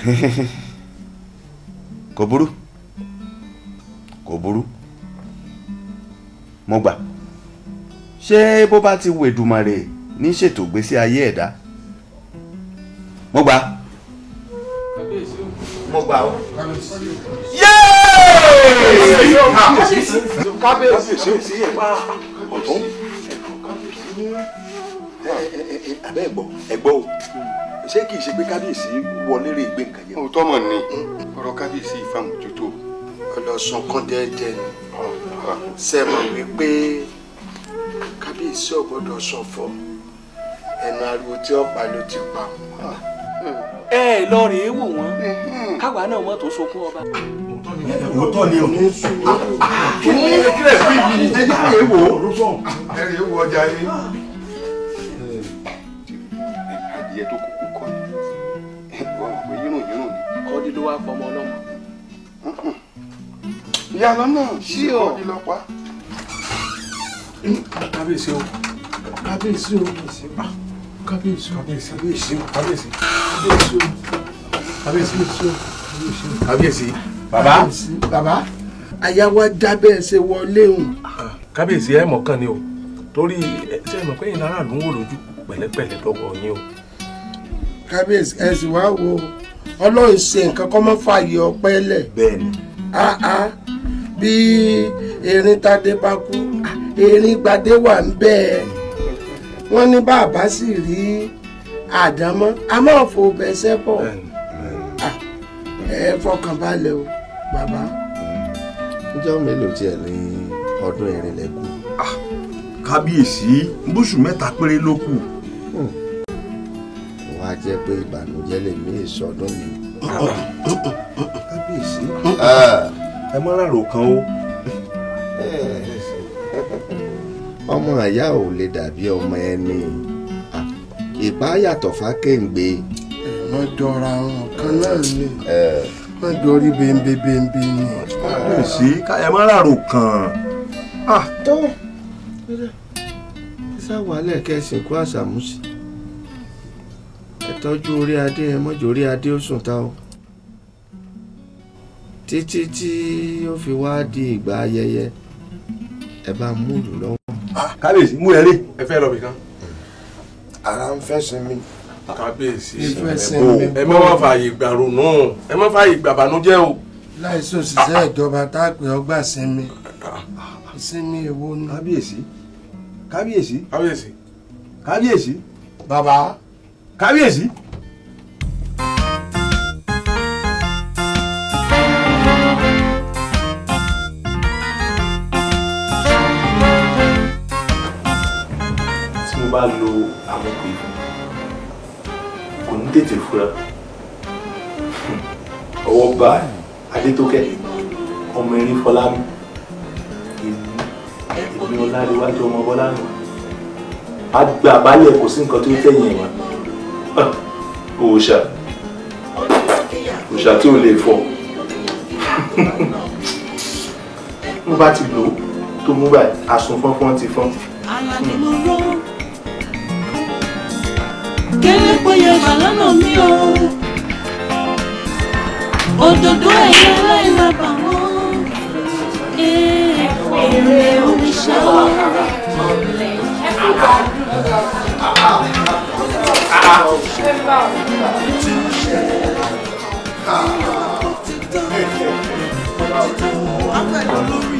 kò burú kò burú mo gbà ṣé bó bá ti wèdùmàrè ní ṣètò ìgbésí ayé ẹ̀dá mo gbà mo gbà ó. kábíyèsí ọ̀tún abẹ́ ẹ̀gbọ́ ẹ̀gbọ́ o ṣé kìí ṣe pé kábíyèsí wọlé rè gbé nǹkan jẹ. òótọ́ mọ̀ ni ọ̀rọ̀ kábíyèsí ìfàmójútó. ọlọ́sùn kan dẹ́ẹ́dẹ́ ni ṣe mọ̀ wípé kábíyèsí ò gbọ́dọ̀ sọ fọ́ ẹnu ariwo tí ó pa ló ti pa. ẹ ẹ lọ rèé wò wọn káwa náà mọ tó sunkún ọba. òótọ́ ni o kí ni kílẹ̀ fi mi ẹ yá rèé wò ẹ rèé wò ọjà yìí. adìyẹ tó kúkú kọ́ ni wọn àgbẹ̀ yírùn yírùn ni. kọ́dí ló wá fọmọ ọlọ́mọ. ìyá lọ náà sí ọ kọ́dí lọ pa kábíyèsí o kábíyèsí o kábíyèsí o kábíyèsí kábíyèsí kábíyèsí kábíyèsí kábíyèsí kábíyèsí bàbá bàbá baba. dábẹ́ ṣe wọlé òun. kábíyèsí ẹ̀ mọ̀kàn ni o torí ṣe é mọ̀ pé ìnara ló ń wò lójú pẹ̀lẹ́pẹ̀lẹ́ dọ́gbọ̀ yín o. kábíyèsí ẹ sì wá o ọlọ́run ṣe nǹkan kọ́ mọ́ fààyè ọpẹ́ lẹ̀. bẹ́ẹ̀ni. bí erin tadé bá kú erin gbadé wà ń bẹ́ẹ̀ wọ́n ní bàbá sì rí àdámọ́ a máa fò bẹ́sẹ̀ pọ̀ ẹ fọkàn balẹ̀ o bàbá. ọjọ́ mélòó tiẹ̀ ní ọdún erin lẹ kú. kábíyèsí bóṣù mẹ́ta péré ló kù. wọ́n á jẹ́ pé ìbànújẹ́ lè ní èso mi. kábíyèsí ẹ mọ́ rárò kan o ọmọ ìyá ò lè dàbí ọmọ ẹni ìbá yàtọ̀ fákéǹgbé. ẹ wọ́n jọra wọn kan náà ni wọ́n jọ rí bembe bembe ni. kò sí ẹ má ràrò kàn án. tó sísá wàhálà kẹsìn kú àṣàmúsì ẹ tọ́jú orí adé ẹ mọ́jọ orí adé ó sùn ta o títí tí ó fi wá di ìgbà ayẹyẹ ẹ bá mú ìlú lọ́wọ́. Ah, kábíyèsí mú ẹ rí. ẹ fẹ́ lọ bì kan. ara ń fẹ́ sinmi. kábíyèsí ẹ má wá fààyè gbàrò náà ẹ má fààyè gbàbànújẹ́ o. láìsí òṣìṣẹ́ ìjọba tá a pè ọ́ gbà sinmi sinmi èwo ni. kábíyèsí kábíyèsí kábíyèsí kábíyèsí. bàbá. kábíyèsí. tètè fura ọwọ́ bá adétókẹ́ ọmọ erin fọlámi èmi ọláríwájú ọmọ bọ́lá nù àgbà balẹ̀ kò sí nǹkan tó tẹ̀yìn ẹ̀ wá òòṣà òòṣà tí ò lè fọ mo bá ti lò ó tó mú báyìí asun fọ́nfọ́n ti fọ́n. gbóyè gbà lọ́nà mi o òdòdó ẹ̀yẹ aláìlábà wọn èrè oníṣẹ́ wọn. I'm not your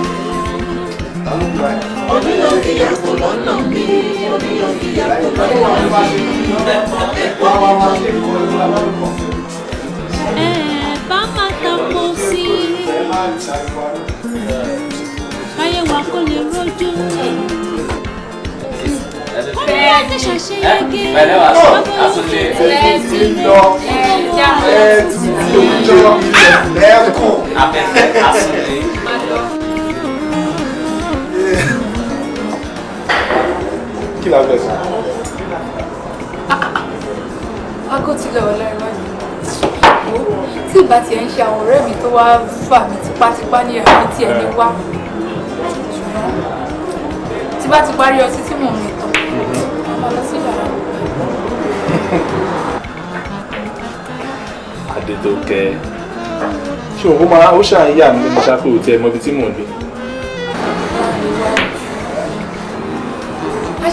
oníyànkíyàkó lọ́nà mi oníyànkíyàkó lọ́nà mi ẹ̀kọ́ ẹ̀ bá má tako sí káyé wa kó lè rójú kó lè wá ti ṣàṣeyege ọgbẹ́ ìfẹ́ ti lọ ẹ̀ ti lọ ẹ̀ kàn. kill that person. Akó ti lọ ọ̀la ìwádìí. Tí ìgbà tí ẹ ń ṣe àwọn ọ̀rẹ́ mi tó wá fà mí tipátipá ní ẹ̀rọ tí ẹni wá. Tí bá ti parí ọtí tí mò ń retọ́, màmá lọ sí ìyàrá. Adédọ̀kẹ́. Ṣé òun máa ó ṣàyà mi níbi ṣáfù tí ẹ mọ ibi tí mò ń gbé?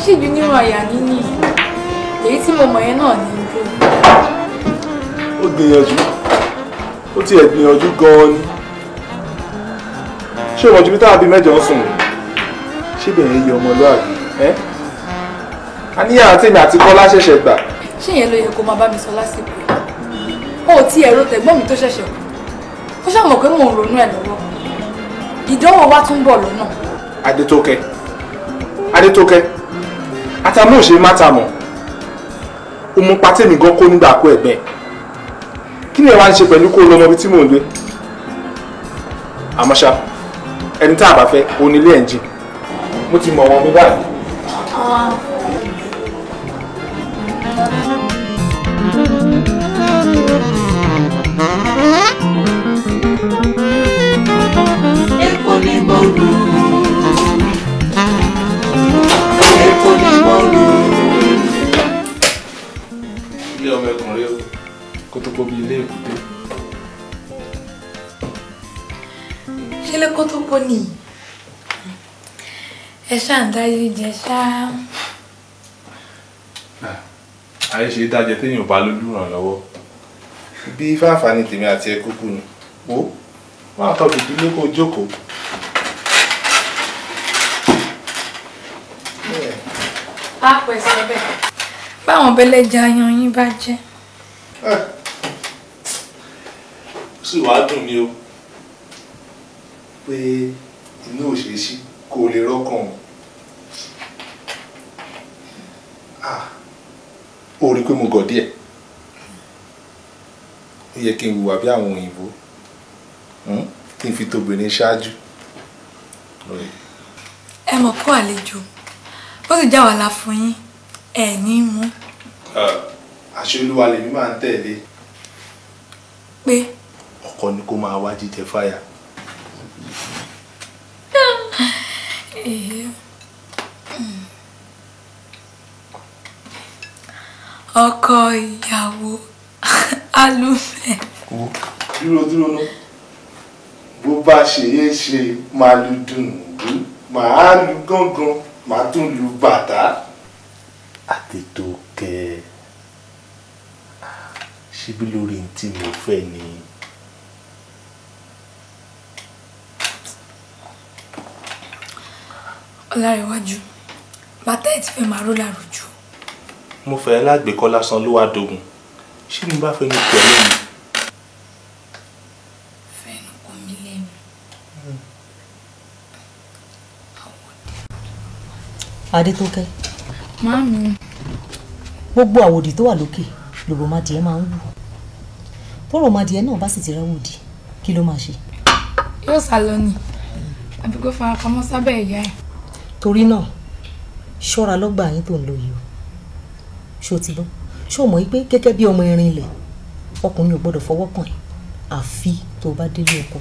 ṣì junior àyà níní èyí tí mo mọ̀ yẹn náà ní ibi. ó gbìyànjú ó tiẹ̀ gbìyànjú gan-an ni ṣé ìmọ̀jú bí táwọn bíi mẹ́jọ ń sùn síbẹ̀ ẹ̀ yọ ọmọlúwàbí ẹ́ a ní yàrá tèmi àti kọ́lá ṣẹ̀ṣẹ̀ gbà. ṣé ìyẹn ló yẹ kó máa bá mi sọ lásìkò o ò tí ẹ̀rọ tẹ̀gbọ́n mi tó ṣẹ̀ṣẹ̀ kú ó ṣàmọ̀ pé mò ń ronú ẹ̀ lọ́wọ́ ìdánwò wa tún bọ̀ lọ́nà. adétókè adétókè mátà mọ́ ṣe mátà mọ́ o mú pátẹ́mi gan kó nígbà kó ẹ̀gbẹ́ kí ni ẹ wá ń ṣe pẹ̀lú kó lọmọ tí mò ń gbé àmọ́ ẹni tá a bá fẹ́ onílé ẹ̀ ń jìn mo ti mọ̀ wọn mi báyìí. Ah. jókòó bí ilé èkúté. ṣé lẹ́kọ́ tó pọ̀ nìyí ẹ ṣáà ń dáyé jẹ ṣáá. àìṣe ah, dájẹ téèyàn bá lójú ràn lọ́wọ́. bí fáfá ni tèmi àti ẹ kúkú ni ó máa tọ́ bìbí lé kó jókòó. á pèsè bẹ́ẹ̀ báwọn bẹlẹ́jà yan yín bá jẹ́. Ah, sì wàá dùn mí o pé inú òṣèṣì kò lè rọ́kàn o rí i pé mo gọ̀ díẹ̀ ó yẹ kí n wùwà bí àwọn òyìnbó hmm? kí n fi tobìnrin ṣáájú. ẹ mọ̀ kó àlejò bó sì já wàhálà fún yín ẹ ní mú. àṣẹ olúwa lèmi máa ń tẹ̀lé. pé kọ́ ni kó máa wá jíjẹ fáyà. Eh. ọkọ ìyàwó alùpẹ̀. wo dúró dúró ná bó bá ṣe é ṣe máa lu dùnú màá lu gángan màá tún lu bàtà. àti tó kẹ ṣíbí lórí tí mo fẹ́ ni. lára iwájú bàtà ẹ̀ ti fẹ́ máa ró láròjù. mo fẹ́ lágbèkọ́ lásán ló wá dogun ṣé mi bá fẹnu kọ lẹ́nu. fẹnu kọ mi lẹ́nu. adétókẹ́. máàmì. gbogbo àwòdì tó wà lókè lòbòmadìẹ máa ń wù tọrọ madìẹ náà bá sì ti ráwòdì kí ló máa ṣe. yóò sá lọ ni àbí kó fara pamọ́ sábẹ́ ìyá torí náà ṣọ́ra lọ́gbà yín tó ń lò yìí o ṣó ti bọ́ ṣó mọ̀ pé gẹ́gẹ́ bí ọmọ irin ilẹ̀ ọkùnrin ò gbọ́dọ̀ fọwọ́ kàn yín àfi tó o bá délé ọkọ.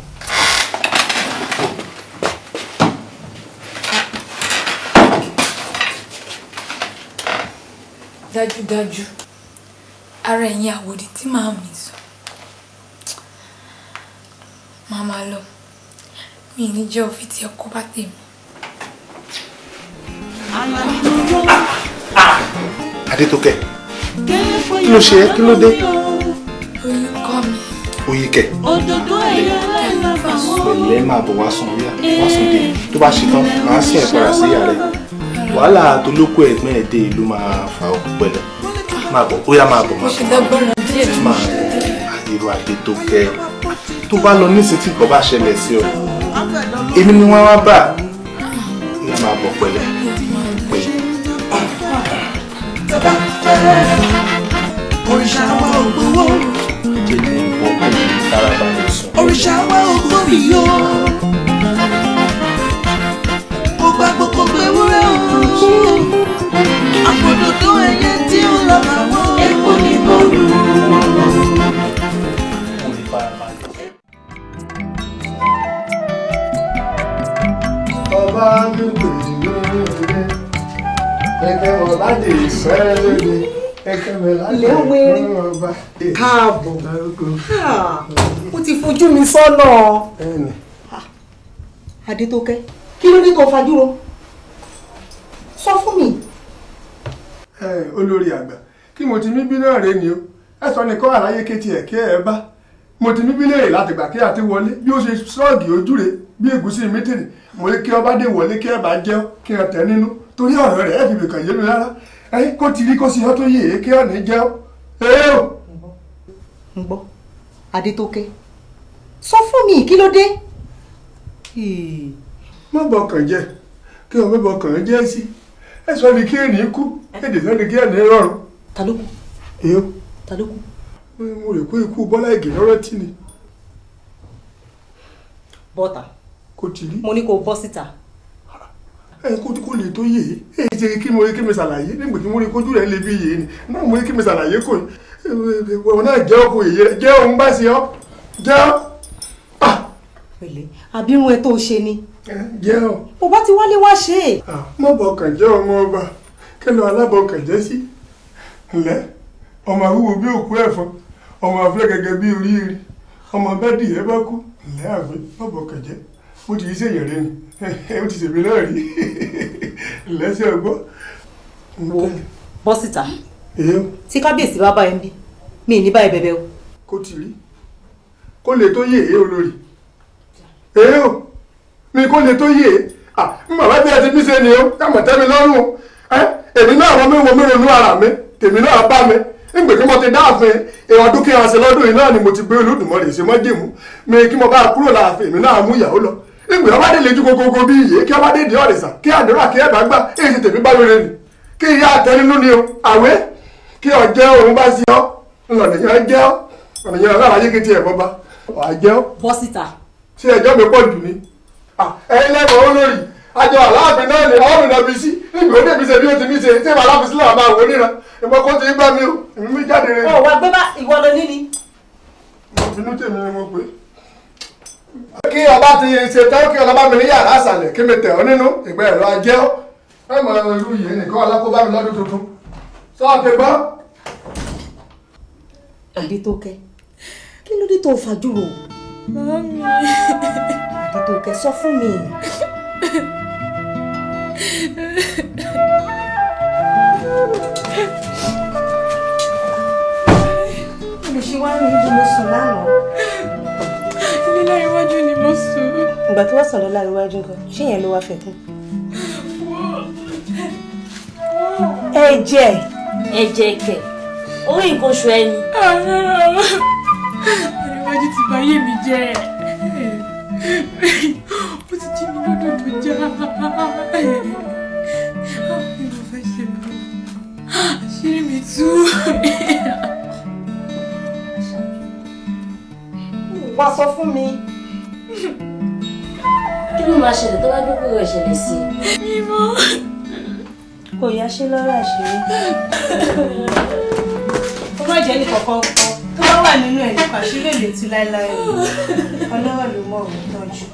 dájúdájú ara ẹ̀yin àwòdì tí màá mi sọ màá máa lọ mi ní jẹ́ òfin tí ọkọ bá tèmi. Adétókẹ́ kí ló ṣe ẹ́ kí ló dé. Oyinke. Òdòdó ẹ̀yẹ lẹ́la bà wọ́n. Pẹ̀lẹ́ máa bọ̀ wá sùn yá wá sùn dé tó bá ṣe tán máa sì ẹ̀ padà sí ìyá rẹ̀ wàhálà tó lókù ẹ̀gbọ́n ẹ̀ dé ìlú máa fà ó pẹ̀lẹ́ máa bọ̀ bóyá máa bọ̀ máa bọ̀ máa bọ̀ irú Adétókẹ́ tó bá lọ nísìnyí tí nǹkan bá ṣẹlẹ̀ sí ọ èmi ni wọ́n wá bà máa bọ̀ pẹ̀lẹ́. fẹ́rẹ́ òrìṣà wa ò gbowó. jẹ́ni wọ́n kò ní sára bá mi sùn. òrìṣà yó. mo gba gbogbo ewúrẹ́ o. àpòdòdó ẹyẹ tí ó lọ bá wọ́n. epo ni mo rù ọba mi pè é ẹkẹmọ láti ìfẹ́ lóde ẹkẹmọ láti ìfẹ́ ọba. káàbọ̀ ó ti fojú mi sọ́nà adétókẹ́ kí ló dé tó fajúro sọ fún mi. olórí àgbà kí mo ti mí bí náà rèé ni o ẹ sọ nìkan àlàyé kétì ẹ̀ kí ẹ bá mo ti níbí léèrè láti gbà kí àti wọlé bí ó ṣe ṣọ́ọ̀gì ojúre bí ègúsí mítìrì mo lè kí ọba dé wọlé kí ẹ bá jẹ́ kí ẹ tẹ́ nínú torí ọ̀rọ̀ rẹ̀ ẹ̀ fi bèkàn yé mi rárá ẹ̀yìn kó ti rí kó sì yọ́ tó yé èké e, ọ̀nà jẹ́ ọ́ ee o. ń gbọ́ adétókè sọ fún mi kí ló dé. má bọkàn jẹ́ kí ọmọ bọkàn jẹ́ sí ẹ sọ ni kí ènìyàn kú èdè sọ ni kí ènìyàn rọrùn. ta ló kú. èyí o. ta ló kú. mo rò pé ikú bọ́lá ìgè lọ́rọ́ tì ni. bọ́tà. mo ní kó bọ́ síta kó lè tó yé èyí ṣe kí mo rí kí mi ṣàlàyé nígbà tí mo rí kójú rẹ̀ lè bí yé ni náà mo rí kí mi ṣàlàyé kò wọn náà jẹ́ òkú èyí rẹ̀ jẹ́ òun bá ṣe ọ́ jẹ́ ọ́. Ah! pẹ̀lẹ́ àbí irun ẹ tó ṣe ni. jẹ́ ọ. mo bá ti wálé wá ṣe é. Ah! mo bọ̀ kàn jẹ́ ọmọ ọba kí lọ alábọ̀kàn jẹ́ sí. ǹlẹ́ ọmọ àwúwo bí òkú ẹ̀fọn ọmọ àfẹ́ gẹ́gẹ́ bí oríire ọmọ bẹ́ẹ̀ dìé bá kú ǹlẹ́ àfẹ́ bọ̀bọ̀ kàn jẹ́ ó ti ṣe èèyàn rí ó ti ṣèmi náà rí lẹ́sẹ̀ ọgbọ́n. wo bọ́ síta tí kábíyèsí bá bá ẹ ń bí mi ì ní báyìí bẹ̀bẹ̀ o. kó ti rí kó lè tó yé èyí olórí èyí o mi kó lè tó yé bàbá bí a ti bí ṣe ni o káàmọ̀ tẹ́ mi lọ́rùn èmi náà wọ́n mi wọ́n mi ronú ara mi tèmi náà bá mi nígbè kí mo ti dáàfin ìwọ̀n dúkìá ṣe lọ́dún yìí náà ni mo ti gbé Olódùmarè ṣe mọ́ jèmú mi kí mo bá kúrò láàfin èmi náà mú ìyàwó lọ Igwe ọba lè ju gogogo bí iye kí ọmọdé di ọ̀rìṣà kí àdúrà kí ẹ̀bà gbà èyí ti tèmi bá lóore nì kí ìyá àtẹnínú ni o kí ọjẹ́ òun ọ jẹ́ ọ ọlọ́run ayé ọ. bọ́ síta. ṣé ẹjọ́ mi pọ̀ jù ni ẹ̀yin lẹ́mọ̀ olórí àjọ aláàfin náà lè ọ̀rùn náà fi sí ìgbè ó dẹ̀bi ṣe bí mi o kí ọba ti ṣe tán kí ọlọ́ba mi ní yàrá àṣàlẹ̀ kí mi tẹ̀ ọ́ nínú ìgbẹ́ ẹ̀rọ ajé ọ́ ẹ mọ̀ irú yìí nìkan ọlọ́kọ́ bá mi lọ́dún tuntun sọ àti gbọ́. Adétókẹ́ kí ló dé tó o fàjúrò. mọ́mí. Adétókẹ́ sọ fún mi. olùṣèwádìí ló sùn lánàá lọ́la iwájú ni mo sùn. ìgbà tó wá sàn lọ́la iwájú gan ṣé yẹn ló wá fẹ́ kún. ẹ̀jẹ̀. ẹ̀jẹ̀ kẹ̀ owó nǹkan oṣù ẹni. àríwájú ti bá yé mi jẹ́ ó ti jí mi lọ́dún tó já. àṣírí mi tú. wá sọ fún mi. kí ló máa ṣẹlẹ̀ tó bá gbé pé ìṣẹ̀lẹ̀ sí i. mímọ́. kò yá ṣe lọ́rọ̀ àṣírí. ó má jẹ́ nìkan kan kọ́ tó bá wà nínú ẹ̀ nípa ṣílẹ̀ lè láéláé ọlọ́wọ́ ló mọ̀ ọ́ tọ́jú.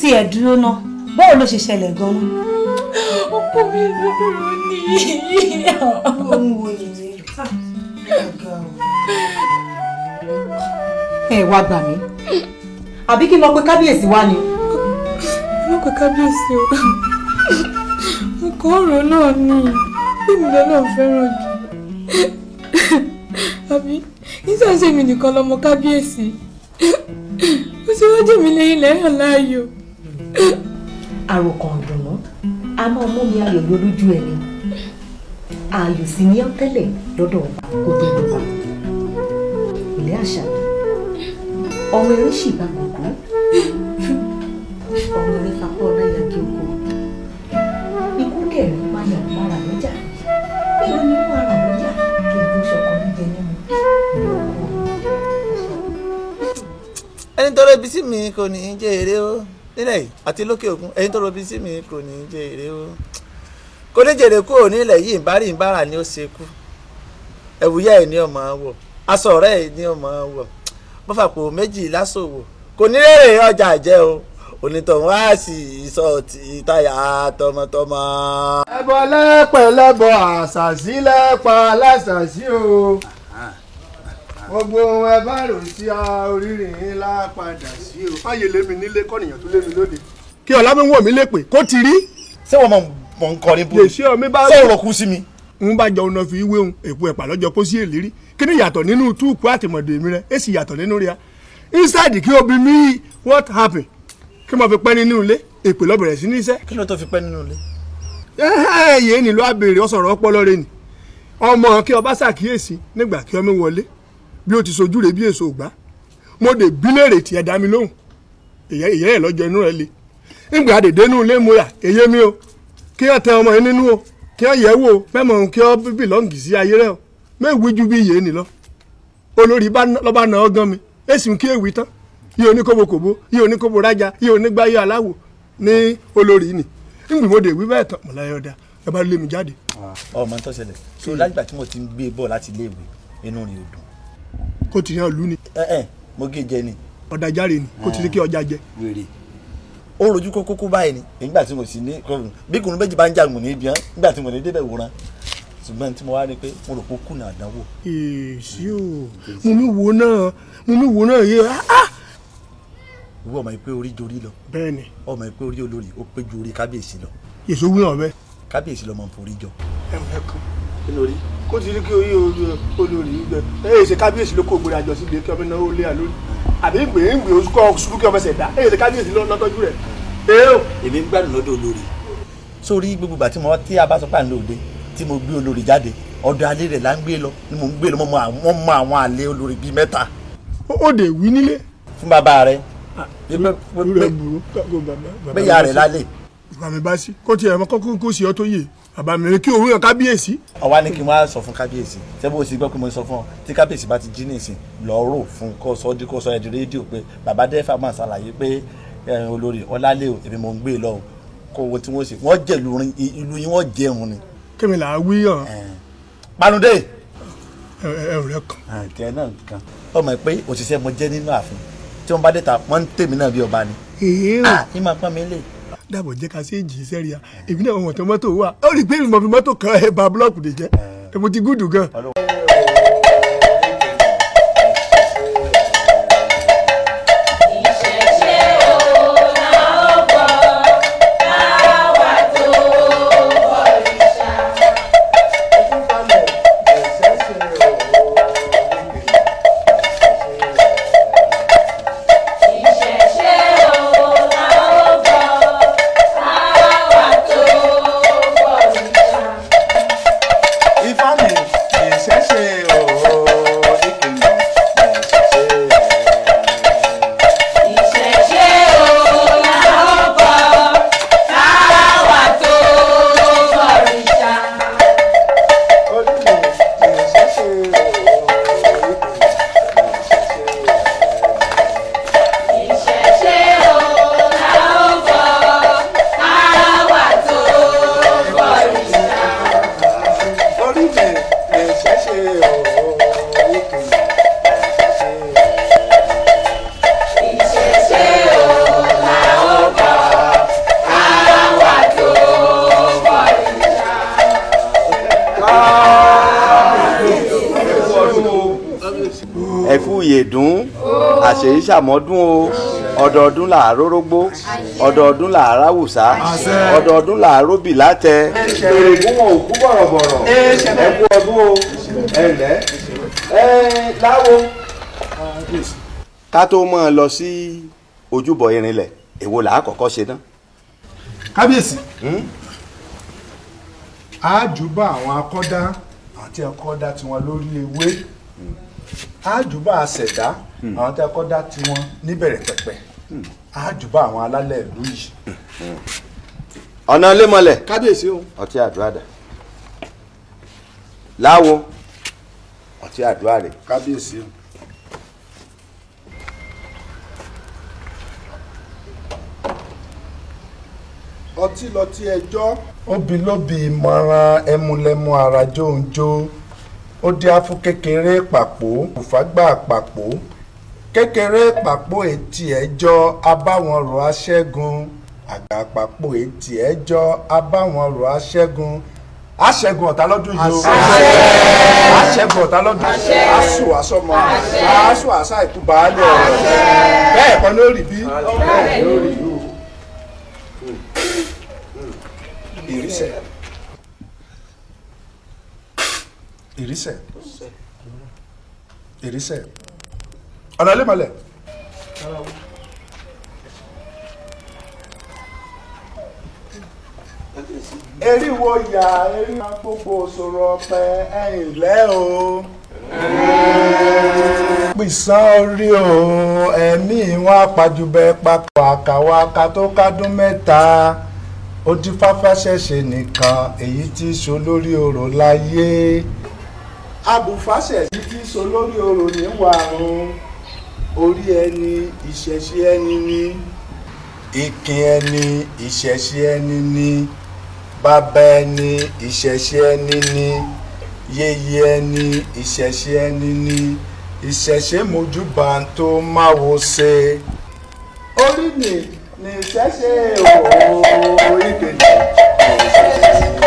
tí ẹ dúró ná báwo ló ṣe ṣẹlẹ̀ gan-an. ọkọ mi ló lò ní. ohun wo nìyẹn. Ah, ẹ wá gbà mí àbí kí n lọ pe kábíyèsí wá ni. wọ́n pe kábíyèsí o nǹkan ọ̀rọ̀ náà ni ìmùlẹ̀ náà fẹ́ràn jù àbí nísàsẹ́ mi nìkan lọmọ kábíyèsí ó ti wá jẹ̀mí lẹ́yìn lẹ́yìn láàyò. àròkàn ọ̀dùnnú a máa mú mi ayọ̀ lójú ẹni ààyò sì ní ọ́ tẹ́lẹ̀ lọ́dọ̀ ọba kó tó lọ́ba ilé àṣà mi ọmọ eré sì bá gbogbo ọmọ eré fapá ọláyà kí o kọ ikú dẹ̀rù máyà mára lọ́jà nínú nínú ara lọ́jà kí egun ṣọkan ní jẹ nínú. ẹni tó rẹbi sí mi kò ní í jẹ èrè o nílẹ̀ yìí àti lókè òkun ẹni tó rẹbi sí mi kò ní í jẹ èrè o kò ní jèrè kúrò nílẹ̀ yìí ìbárìnbára ni ó ṣe kú ẹ̀wùyá ẹ̀ ní ọmọ wọ̀ aṣọ ọ̀rẹ́ ẹ̀ ní ọmọ wọ̀ mọ́fàpọ̀ méjì lásòwò kò ní rèrè ọjà jẹ́ o onítọ̀hún á sì sọ ìtayà tọmọtọmọ. ẹbọ lẹ́pẹ̀ lẹ́bọ àṣàṣì lẹ́pa aláṣàṣì o gbogbo ẹ bá rò sí oríire ńlá padà sí o. fáyé lémi nílé kọ́nìyàn tó lémi lóde. kí ọlámíwò mi lè pè kó ti rí. ṣé wọn mọ̀ nǹkan ní bóyá. lè ṣe omi bá rí. sọ̀rọ̀ kú sí mi ń bá jọ ọ̀nà fi wéhun èpo ẹ̀pà lọ́jọ́ kó sí èlérí kí ni yàtọ̀ nínú túùkù àtìmọ̀dé mi rẹ èsì yàtọ̀ nínú rẹ inside kí obi mi what happen kí mo fi pẹ́ nínú ilé èpè lọ́bẹ̀rẹ̀ sí ní iṣẹ́. kí ló tó fi pẹ́ nínú ilé. ẹ̀ẹ́yẹ nílò àbèrè ọ̀sọ̀rọ̀ ọpọlọ rẹ ni ọmọ kí ọba ṣàkíyèsí nígbà kí ọmọ wọlé bí ó ti sojú rẹ bí èso ògbà mo dé bílẹ̀rẹ̀ tiẹ̀ dá mi lóhùn ìyá ìyá lọ́jọ́ inú rẹ le nígbà dèdè inú ilé mo yà èyé mi o kí ọ̀tẹ ọmọ yẹn nínú o kí ọ yẹ wo mẹ́mọ̀ ohun kí ọ bìlọ́ǹgì sí ayé rẹ o méwìí ju bí yéé ni lọ olórí lọ́ba náà ọgán mi èsì kí èwì tán yìí oníkóbokòbo yìí oníkóbo rájà yìí onígbáyé aláwò ní olórí ni ngbìmọ̀dé wí bẹ́ẹ̀ tán mọ̀láyà ọ̀dà ẹ bá lé mi jáde. Ah, ọmọ tó ṣẹlẹ̀ so lágbà tí mo ti ń gbé bọ̀ láti iléèwé inú rẹ̀ ò dùn. kó ti yan ìlú ni. ẹ ẹ mo gé jẹ ni. ọ̀dà járe ni kó ti ní kí ọjà jẹ. wèrè ó rojú kókókó báyìí ni nígbà tí mo sì ní bí kùnú méjì bá ń jàgùn ní ibi hàn nígbà tí mo ní débẹ̀ wòran ṣùgbọ́n tí mo wá rí i pé mo rò pé ó kùnà àdánwò. èsì o mo mi wo náà mo mi wo náà yé ah, ah. ìwọ ọmọ yìí pé orí jorí lọ bẹ́ẹ̀ni ọmọ yìí pé orí olórí ó pé ju orí kábíyèsí lọ. èso wí ọ̀bẹ. kábíyèsí lọmọ forí jọ. ẹ mọ̀ ẹ kan lórí kó ti rí kí orí olórí gbẹ ẹ ṣe kábíyèsí ló kó gbèrè àjọṣe lè kí ọmọ náà ó lé à lórí àbí gbèngbè oṣùkọ ṣùkúkẹ ọmọ ẹsẹ̀ dá èyí lè kábíyèsí lọ́tọ́jú rẹ̀ èèyàn. èmi ń gbádùn lọ́dọ̀ olórí. sórí gbogbo ìgbà tí mo tí a bá sọ pàǹdà òde tí mo gbé olórí jáde ọ̀dọ̀ alẹ́ rẹ̀ là ń gbé lọ ni mo ń gbé lọ wọ́n mọ àwọn alẹ́ olórí bíi mẹ́ta. ó dé wí nílé. fún bàbá rẹ. bẹ́ẹ̀ yà rẹ̀ lálẹ́. bàbá mi bá sí kó tiẹ̀ kó sí ọ tó yè bàbá mi kí òun yàn kábíyèsí. àwa ni kí n wá sọ fún kábíyèsí ṣé bó ṣe gbọ́ pé mo sọ fún ọ tí kábíyèsí bá ti jí nìsín lọ rò fún kó sọ ọdí kó sọ ẹ̀dí rédíò pé bàbá dẹ́fà máa ṣàlàyé pé olórí ọlálẹ́ o èmi mo ń gbé e lọ o kó owó tí wọ́n ṣe wọ́n jẹ̀ lórin ìlú yín wọ́n jẹun ni. kémi là á wí ọ. panudé. ẹ ẹ rẹ kan. àǹtí ẹ náà kan ọmọ ẹ pé òṣìṣẹ́ ah ìmọ̀ pọ́n mi dàbọ̀ jẹ́ ká ṣe jì í sẹ́rí ya èmi náà mọ̀tò mọ́tò wà ó rí i pé mi mọ̀ fi mọ́tò kan ẹ̀ ba búlọ́ọ̀kù lè jẹ́ mo ti gúdù gan. bíbẹ̀ ẹ̀ṣẹ̀ṣẹ̀ ọ̀rọ̀ ètò ìlú. ẹ̀kú ìyèdún àṣèyí ṣàmọ́dún o ọdọọdún làá rórógbó ọdọọdún làárá wùsá ọdọọdún làárọ̀bì látẹ èrè gúnmọ̀ òkú bọ̀rọ̀bọ̀rọ̀ ẹ kú ọdún o ẹ lẹ́ ẹ láwo. ká tó mọ̀ ọ́ lọ sí ojúbọ irinlẹ̀ èwo là á kọ́kọ́ ṣe ná. kábíyèsí àjùbà hmm? àwọn akọ́dá àti akọ́dá tiwọn lórí ewé àjùbà àṣẹ̀dá hmm. àwọn tí akọ́dá tiwọn níbẹ̀rẹ̀ pẹ̀pẹ̀. Hmm àjùbà àwọn alálẹ̀ ìlú yìí. ọ̀nà lémọlẹ̀ kábíyèsí o ọtí àdúrà dà láwo ọtí àdúrà rè kábíyèsí o. ọtí lọtí ẹjọ́. obì lóbi ìmọ̀ràn ẹmúlẹ́mú ara jóúnjó ó dé afún kékeré pàpò kò fágbà pàpò kékeré pàpò etí ẹjọ abáwọn rò aṣẹ́gun àgbà pàpò etí ẹjọ abáwọn rò aṣẹ́gun aṣẹ́gun ọ̀tá lọ́dún yìí o aṣẹ́gun ọ̀tá lọ́dún yìí aṣọ àṣọmọ aṣọ àṣà ìkú baálé ọ̀rọ̀ bẹ́ẹ̀ kọ́ ló rí bí ìrísẹ̀ ìrísẹ̀ ìrísẹ̀ ọ̀nà ilé mọ̀lẹ̀. erí wo yà erí máa gbogbo òṣòro ọpẹ ẹ̀yìn lẹ́ o pìsàn orí o ẹ̀mí wọn àpàjùbẹ papọ̀ àkàwọ̀ aka tó kádùn mẹ́ta ó ti fáfá ṣẹ̀ṣẹ̀ nìkan èyí tí í so lórí ọ̀rọ̀ láyé abùfáṣẹ̀ yìí tí í so lórí ọ̀rọ̀ ní wàrùn orí ẹni ìṣẹ̀ṣe ẹni ní ìkìn ẹni ìṣẹ̀ṣe ẹni ní bàbá ẹni ìṣẹ̀ṣe ẹni ní yèyé ẹni ìṣẹ̀ṣe ẹni ní ìṣẹ̀ṣe mojúbà tó máa wo ṣe orí ni ní ìṣẹ̀ṣe òòrùn ìkejì ìṣẹ̀ṣe.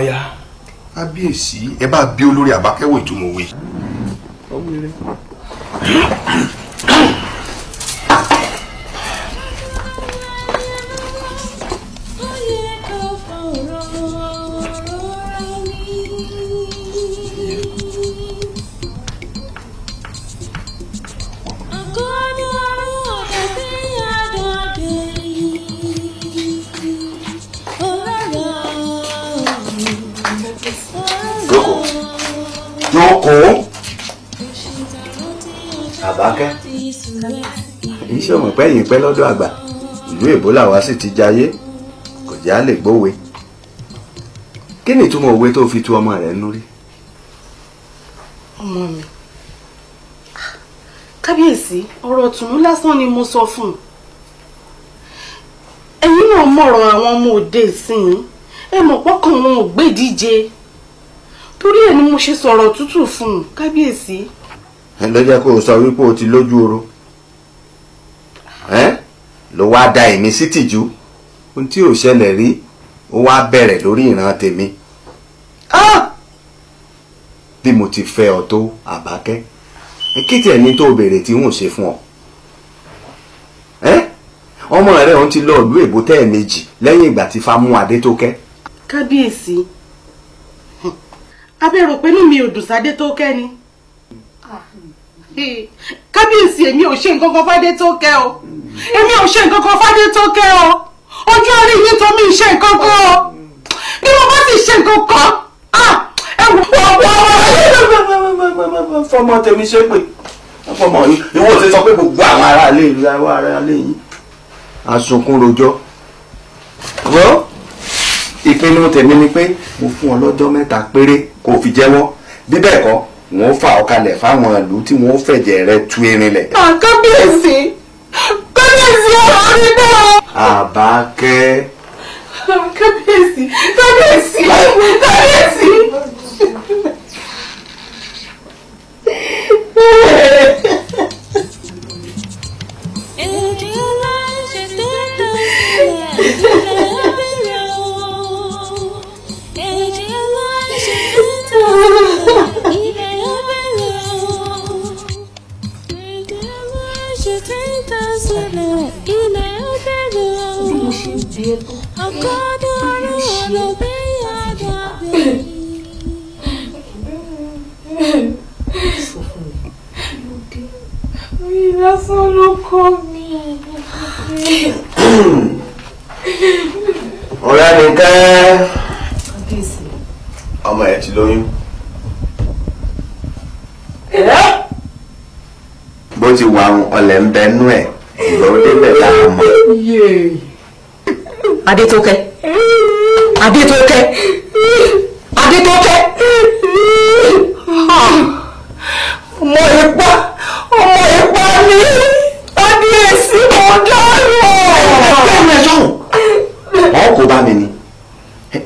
ọya. kábíyèsí ẹ bá bí olórí àbákẹ́wò ìtumọ̀ òwe. ọ̀wẹ́rẹ́. lẹ́yìn pẹ́ lọ́dọ̀ àgbà ìlú èbó làwa sì ti jayé kò já lè gbówe kí ni ìtumọ̀ òwe tó fi tu ọmọ rẹ̀ nú rí. ọmọ mi kábíyèsí ọ̀rọ̀ tùnú lásán ni mo sọ fún un ẹ̀yin náà mọ̀rọ̀ àwọn ọmọ òde ìsìn ẹ mọ̀ pọ́kàn wọn ò gbèdíje torí ẹ̀ ni mo ṣe sọ̀rọ̀ tútù fún un kábíyèsí. ẹ lọ́jà kó o sọ wípé o ti lójú oorun ló wá da èmi sí tìjú ohun tí ò ṣẹlẹ̀ rí ó wá bẹ̀rẹ̀ lórí ìran tèmi ah! bí mo ti fẹ́ ọ tó àbákẹ́ kí tiẹ̀ ní tó béèrè tí n ò ṣe fún ọ ọmọ rẹ òun ti lọ ìlú èbó tẹ́ẹ̀mejì lẹ́yìn ìgbà tí fámúadé tó kẹ́. kábíyèsí abẹ́ rò pé inú mi ò dùn sáde tó kẹ́ ni ah. kábíyèsí èmi ò ṣe nǹkan kan fádé tó kẹ́ o èmi ò ṣe nǹkan kan fádé tó kẹ́ ọ ojú orí yìí tó mi ṣe nǹkan kan ọ bí mo bá sì ṣe nǹkan kan ẹ wò wọ́n wọ́n. fọmọ tèmi ṣe pé fọmọ yìí ìwọ ti sọ pé gbogbo àwọn aráalé ìlú àwọn aráalé yìí àsunkún rojọ́ wọ́n ìpinnu tèmi ni pé mo fún ọ lọ́jọ́ mẹ́ta péré kó o fi jẹ́wọ́ bí bẹ́ẹ̀ kọ́ wọ́n fà ọ́ kalẹ̀ fáwọn ìlú tí wọ́n fẹ̀jẹ̀ rẹ tu irin lẹ̀. àkábíyèsí Não! Abaque. Cadê esse? Cadê esse? Cadê esse? Eu de longe dùnú ilẹ̀ ó bẹ̀rù ọ̀rọ̀ ọkọ dùnú ọ̀rọ̀ bẹ́yìn ọ̀dọ̀ bẹ̀rù. orí lásán ló kọ́ mi. ọ̀la nìkan ọmọ ẹ̀ ti lóyún. bó ti wà ọ̀lẹ̀ ń bẹ nú ẹ̀ lọ débẹ̀ lára mọ́. adétókẹ́ adétókẹ́ adétókẹ́ ah. ọmọ ìpá ọmọ ìpá ni kábíyèsí mo dárò. bẹ́ẹ̀ni ẹ sọ̀rọ̀ ọ̀ kò bá mi ni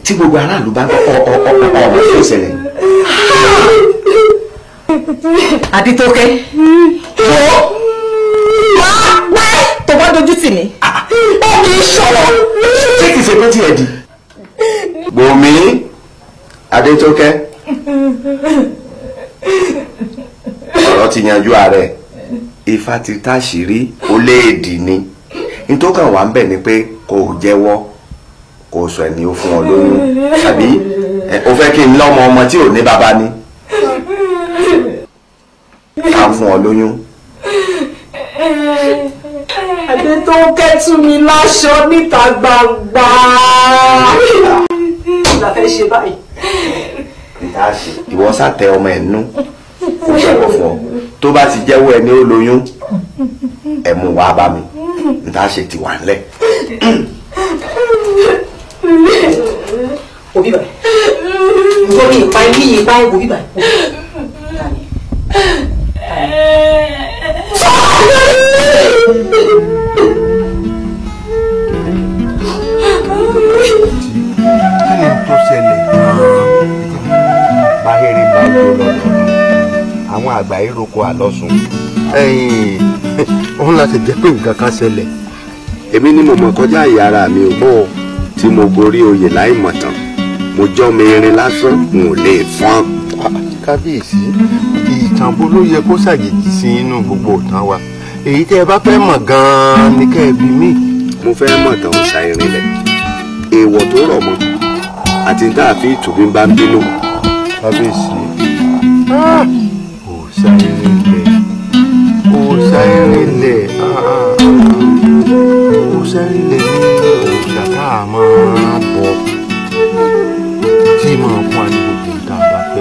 tí gbogbo aráàlú bá ń bọ̀ ọ̀ ọ̀ ọ̀ ọ̀ ọ̀ ṣẹlẹ̀. adétókẹ́. Adétókẹ́ ọ̀rọ̀ ti yanjú ààrẹ ifá ti táṣìírí ó léèdì ni nítòkàn wà ń bẹ̀ ni pé kò jẹ́wọ́ kò sọ ẹni ó fún ọ lóyún tàbí o fẹ́ kí n lọ́mọ ọmọ tí ò ní bàbá ni ká fún ọ lóyún. Adétókẹ́ tú mi láṣọ níta gbangba. kí fẹ́ ṣe báyìí ìtaṣe ìwọ sàtẹ ọmọ ẹ nú kò jẹ́wọ́ fún ọ tó bá ti jẹ́wọ́ ẹ ní ó lóyún ẹ mú wàá bá mi ìtaṣe ti wà nílẹ̀. òbí bàbá nítorí ìpa ibi ba? ìwò bíbà kí ni tó ṣẹlẹ̀ báhéré bá ìjọ lọ́dọ̀ àwọn àgbà ìroko àlọ́sùn. òun láti jẹ́ pé nǹkan kan ṣẹlẹ̀ èmi ni mo mọ̀ kọjá ìyára mi ò bọ́ tí mo gorí oyè láì mọ̀tàn mo jọ́ mi irin lásán n ò lè fọ́n. kábíyèsí ìtànbó ló yẹ kó ṣàjèjì sí inú gbogbo ìtàn wa èyí tẹ́ ẹ bá fẹ́ mọ̀ gan-an ni kẹ́ ẹ bí mi. mo fẹ́ mọ̀ tàn ṣàìrìnlẹ̀ èèwọ̀ tó rọ̀ mọ́ àti tá a fi ìtùbí bá ń bínú kábíyèsí òòṣà irinlẹ̀ òòṣà irinlẹ̀ òòṣà irinlẹ̀ ní òòṣà tá a máa bọ̀ tí máa fún wa ní gbogbo nǹkan àbá fẹ́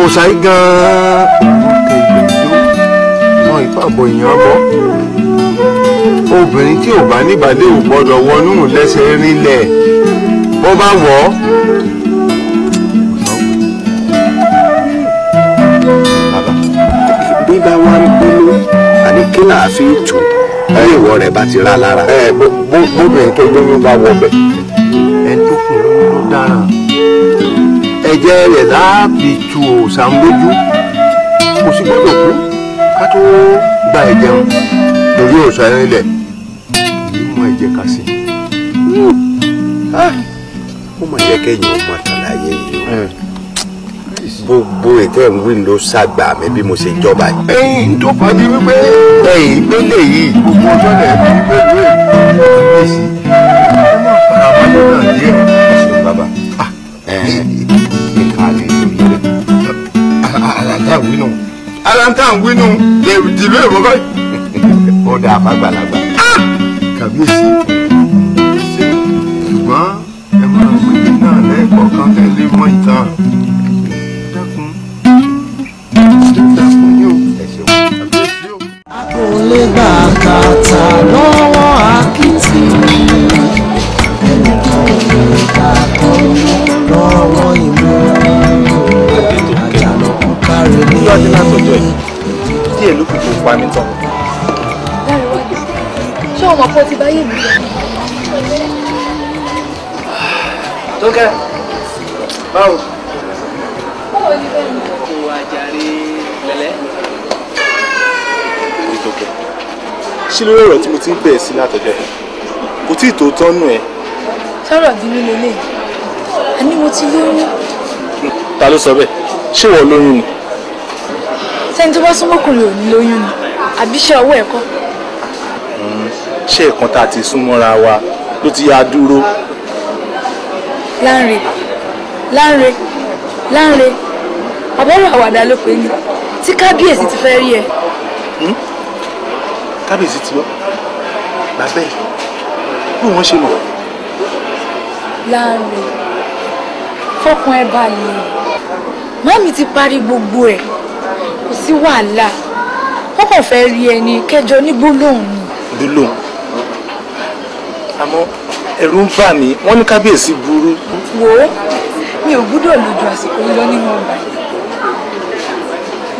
òòṣà yìí gan-an kẹgbẹ́ jó mọ ìfàbọ̀ èèyàn bọ́ obìnrin tí ò bá níbàdí ò gbọ́dọ̀ wọnú lẹ́sẹ̀ rinlẹ̀ bó bá wọ̀ ọ́. bíbá wa ń gbóló àdékè náà fi ń tù ẹyìn ìwọ rẹ bá ti rá lára. ẹ bó bóbìnrin tó lóyún bá wọbẹ. ẹ tó kùn lóyún ló dára ẹ̀jẹ̀ rẹ láàbì tu òòsàn lójú kò sí gbọ́dọ̀ kú ká tó gba ẹ̀jẹ̀ wọn torí òòsàn ẹrin lẹ kì í mọ ẹ̀jẹ̀ kà sí. Hmm. Ah, ó mà yẹ kẹ́yìn ọmọ àtàlàyé yìí gbogbo ètò ń wí ló ṣàgbà mi bí mo ṣe jọba yìí. ẹyin tó fà wípé ẹyin gbélé yìí gbogbo ọjọ́ rẹ̀ fi gbèlú ẹ̀ kábíyèsí ẹ máa fara balẹ̀ náà díẹ̀ ṣùgbọ́n bàbá nǹkan ah, àlẹ́ ìlú yẹlẹ̀ aláǹtà wínú aláǹtà wínú lè dìlú èrò báyìí. ó dáa fàgbàlagbà ah! kábíyèsí ṣùgbọ́n ẹ máa gbé náà lẹ́ẹ̀kọ̀ọ̀kan tẹ́lẹ̀ mọ́ ìtàn. ṣe lórí ọ̀rọ̀ tí mo ti ń bẹ̀ẹ́ sí látọjọ́ kò tí ì tó tọ́nù ẹ̀. sọ̀rọ̀ bínú lélẹ̀ àní mo ti lóyún. ta ló sọ bẹ́ẹ̀ ṣé ìwọ lóyún ni. sẹ́ni tó bá súnmọ́kùnrin ò ní lóyún ni àbí ṣe ọwọ́ ẹ̀kọ́. Hmm, ṣé ẹ̀kan tá a ti súnmọ́ra wa ló ti yá dúró. Lánre Lánre Lánre àbọ̀rọ̀ àwàdà ló pe ni tí kábíyèsí ti fẹ́ rí ẹ kábíyèsí ti lọ bàbá ẹ̀ bí wọ́n ṣe lọ. láàrin fọkàn ẹ balẹ̀ mọ́mí ti parí gbogbo ẹ̀ kò sí wàhálà wọ́n kàn fẹ́ rí ẹni kẹjọ ní gbólóhùn ni. gbólóhùn àmọ́ ẹ̀rù ń bà mí wọ́n ní kábíyèsí burú. wò ó mi ò gbúdọ̀ lò ju àsìkò yìí lọ nínú ọgbà yìí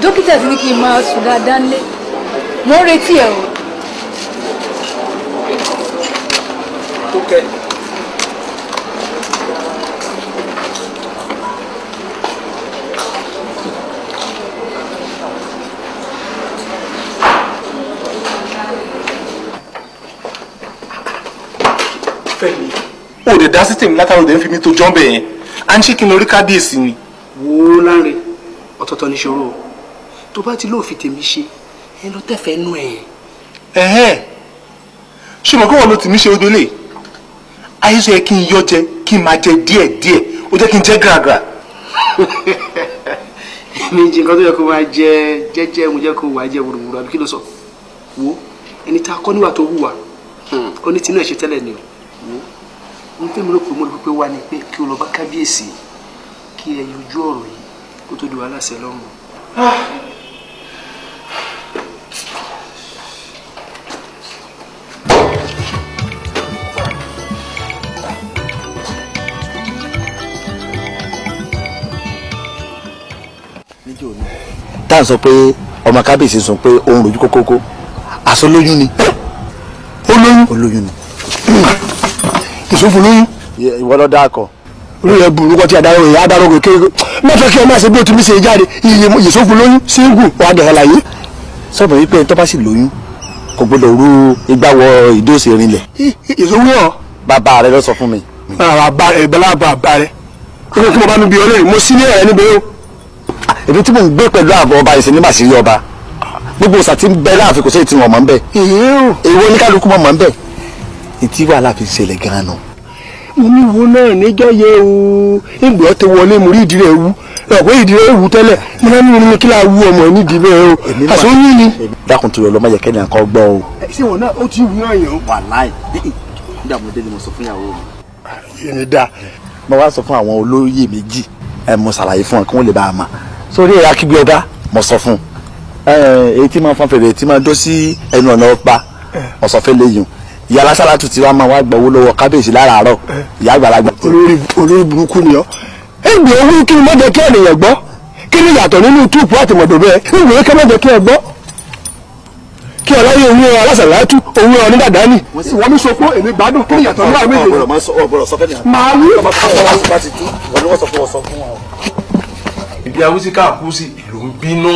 dókítà ti ní kí n máa sùn dáadáa nílé mo ń retí ẹ o. dẹ̀ dá sí tèmi látàrí òde ń fi mi tó jọ́ǹbẹ̀ yẹn à ń ṣe kí n lọ rí kábíyèsí ni. wo láre ọ̀tọ̀ọ̀tọ̀ níṣòro tó bá ti lóòfin tèmi ṣe ẹ lọ tẹ̀fẹ́ nú ẹ̀. ẹ̀hẹ́n ṣé mo kọ́ wọ́n ló tì mí ṣe odò lè ayé sọ yẹ kí n yọ jẹ kí n máa jẹ díẹ̀ díẹ̀ ó jẹ́ kí n jẹ́ gàràgàrà. mi jẹ nǹkan tó yẹ kó máa jẹ jẹ́jẹ́ mo jẹ́ kó wàá jẹ wùrùwùrù àbí kí ló sọ wo ẹni tá a kọ́ níwà tó hùwà hmm. ó ní tinú ẹ̀ ṣe tẹ́lẹ̀ ni o ohun tí mo rò pé mo rò pé wà ní pé kí o lọ bá kábíyèsí kí ẹ yanjú ọ̀rọ̀ yìí kó tó di wàhálà sẹ lọ́rùn. tá à sọ pé ọmọ kábíyèsí sùn pé òun rojú kókókó àsọlóyún ni ó lóyún ni. kò sófo lóyún. ìwọ lọ dáa kọ. olóyè burú kọ́ tí adarọ́ ìyá adarọ́ kò kéré má fẹ́ kí ọmọ àṣẹ bí o ti mi ṣe jáde iye sófo lóyún síngù wà dọ̀rọ̀ láyé. sọ̀rọ̀ yìí pé ẹni tó bá sì lóyún kò gbọdọ̀ ru igbá wọ ìdóòsè rinlẹ̀. ìṣòwò bàbá rẹ lọ sọ fún mi. bàbá rẹ bàbá bàbá rẹ kí ló kí mo bá mi bí ọ lórí mo sí ní ẹ̀rẹ́ níbẹ̀ o. èmi tí mò ń gbé pẹ̀lú àbọ̀ ọba ìsìn nígbà sí rí ọba gbogbo ọ̀sà tí ń bẹ láàfin kò sí ètí wọn mọ̀ ń bẹ̀. èwo oníkálukú mọ̀ mọ̀ ń bẹ̀ tí wàhálà fi ṣẹlẹ̀ gan-an nù. mo ní wo náà níjọ́ yẹ o ìgbà ọ̀tẹ̀ wọlé mo rí ìdílé ewu ọ̀pọ̀ ìdílé ewu tẹ́lẹ̀ mo náà nínú mi kí láà wú ọmọ ní ìdílé o àṣọ yín ni. dákun tó yọ lọ́mọ yẹ kẹ́ni àkọ́ gbọ́ o. ṣé wọn náà ó ti wú náà yàn. wàláì dàmúdé ni mo sọ fún ìyàwó mi. èmi dáa mo wá sọ fún àwọn olóyè méjì ẹ mo ṣàlàyé fún wọn kí wọn lè bá a mọ sórí ẹ akígbe ọba mo sọ fún un èyí tí máa fọn fèrè tí máa dó sí ẹnu ọ̀nà ọba mo lẹ́yìn ìyá lásàlá tún ti wá máa wá gba owó lọ́wọ́ kábíyèsí láràárọ̀ ìyá àgbàlagbà. olórí olórí burúkú ni ọ ẹgbẹ́ owó kí ni mọ́jọ kí ènìyàn gbọ́ kí ni yàtọ̀ nínú túùpù àti mọ̀dọ̀ bẹ́ẹ̀ ẹgbẹ́ kí mọ́jọ kí ẹ gbọ́ kí ọlọ́yẹ òun ẹ alásàlá tú òun ẹ onídàdá ni. wọ́n mi sọ pé èmi gbádùn kí ni yàtọ̀ nínú àmì ìlú. màá wí. ìdí awúsíkà kú sí ìlú ń bínú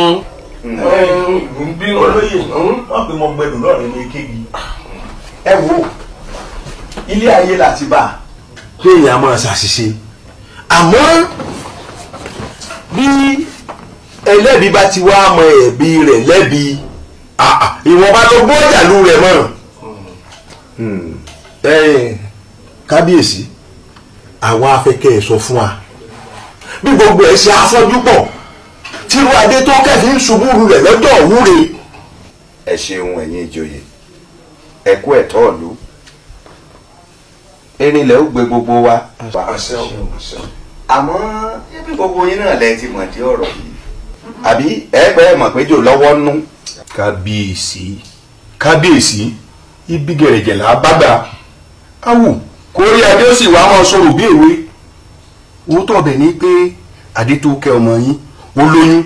ìlú ń bínú ẹ wò ilé ayé láti bá a. kéèyàn máa ṣàṣìṣe àmọ́ bí ẹlẹ́bi bá ti wá mọ ẹ̀bi rẹ̀ lẹ́bi ìwọ̀nba ló gbọ́ ìjàlú rẹ̀ mọ́. Hmm. kábíyèsí àwa afẹ́kẹ́ ẹ̀ sọ fún wa bí gbogbo ẹ̀ ṣe afọ́jú pọ̀ tírú adé tó kẹ́fì ń ṣubú rẹ̀ lọ́jọ́ òwúre. ẹ ṣeun ẹ̀yin ìjòyè ẹ̀kú ẹ̀tọ́ ọ̀lú erinlẹ̀ ó gbé gbogbo wa. àmọ́ ẹbí gbogbo yín náà lẹ ti mọ̀ dé ọ̀rọ̀ yìí. àbí ẹgbẹ́ ẹ̀ mọ̀ pé jò lọ́wọ́ nú. kábíyèsí kábíyèsí ibi gẹ̀rẹ̀jẹ̀ là á bá gbà á wù kó rí adé ó sì wá máa sọ̀rọ̀ bí èwe òótọ́ ọbẹ̀ ni pé adé tó kẹ́ ọmọ yín ó lóyún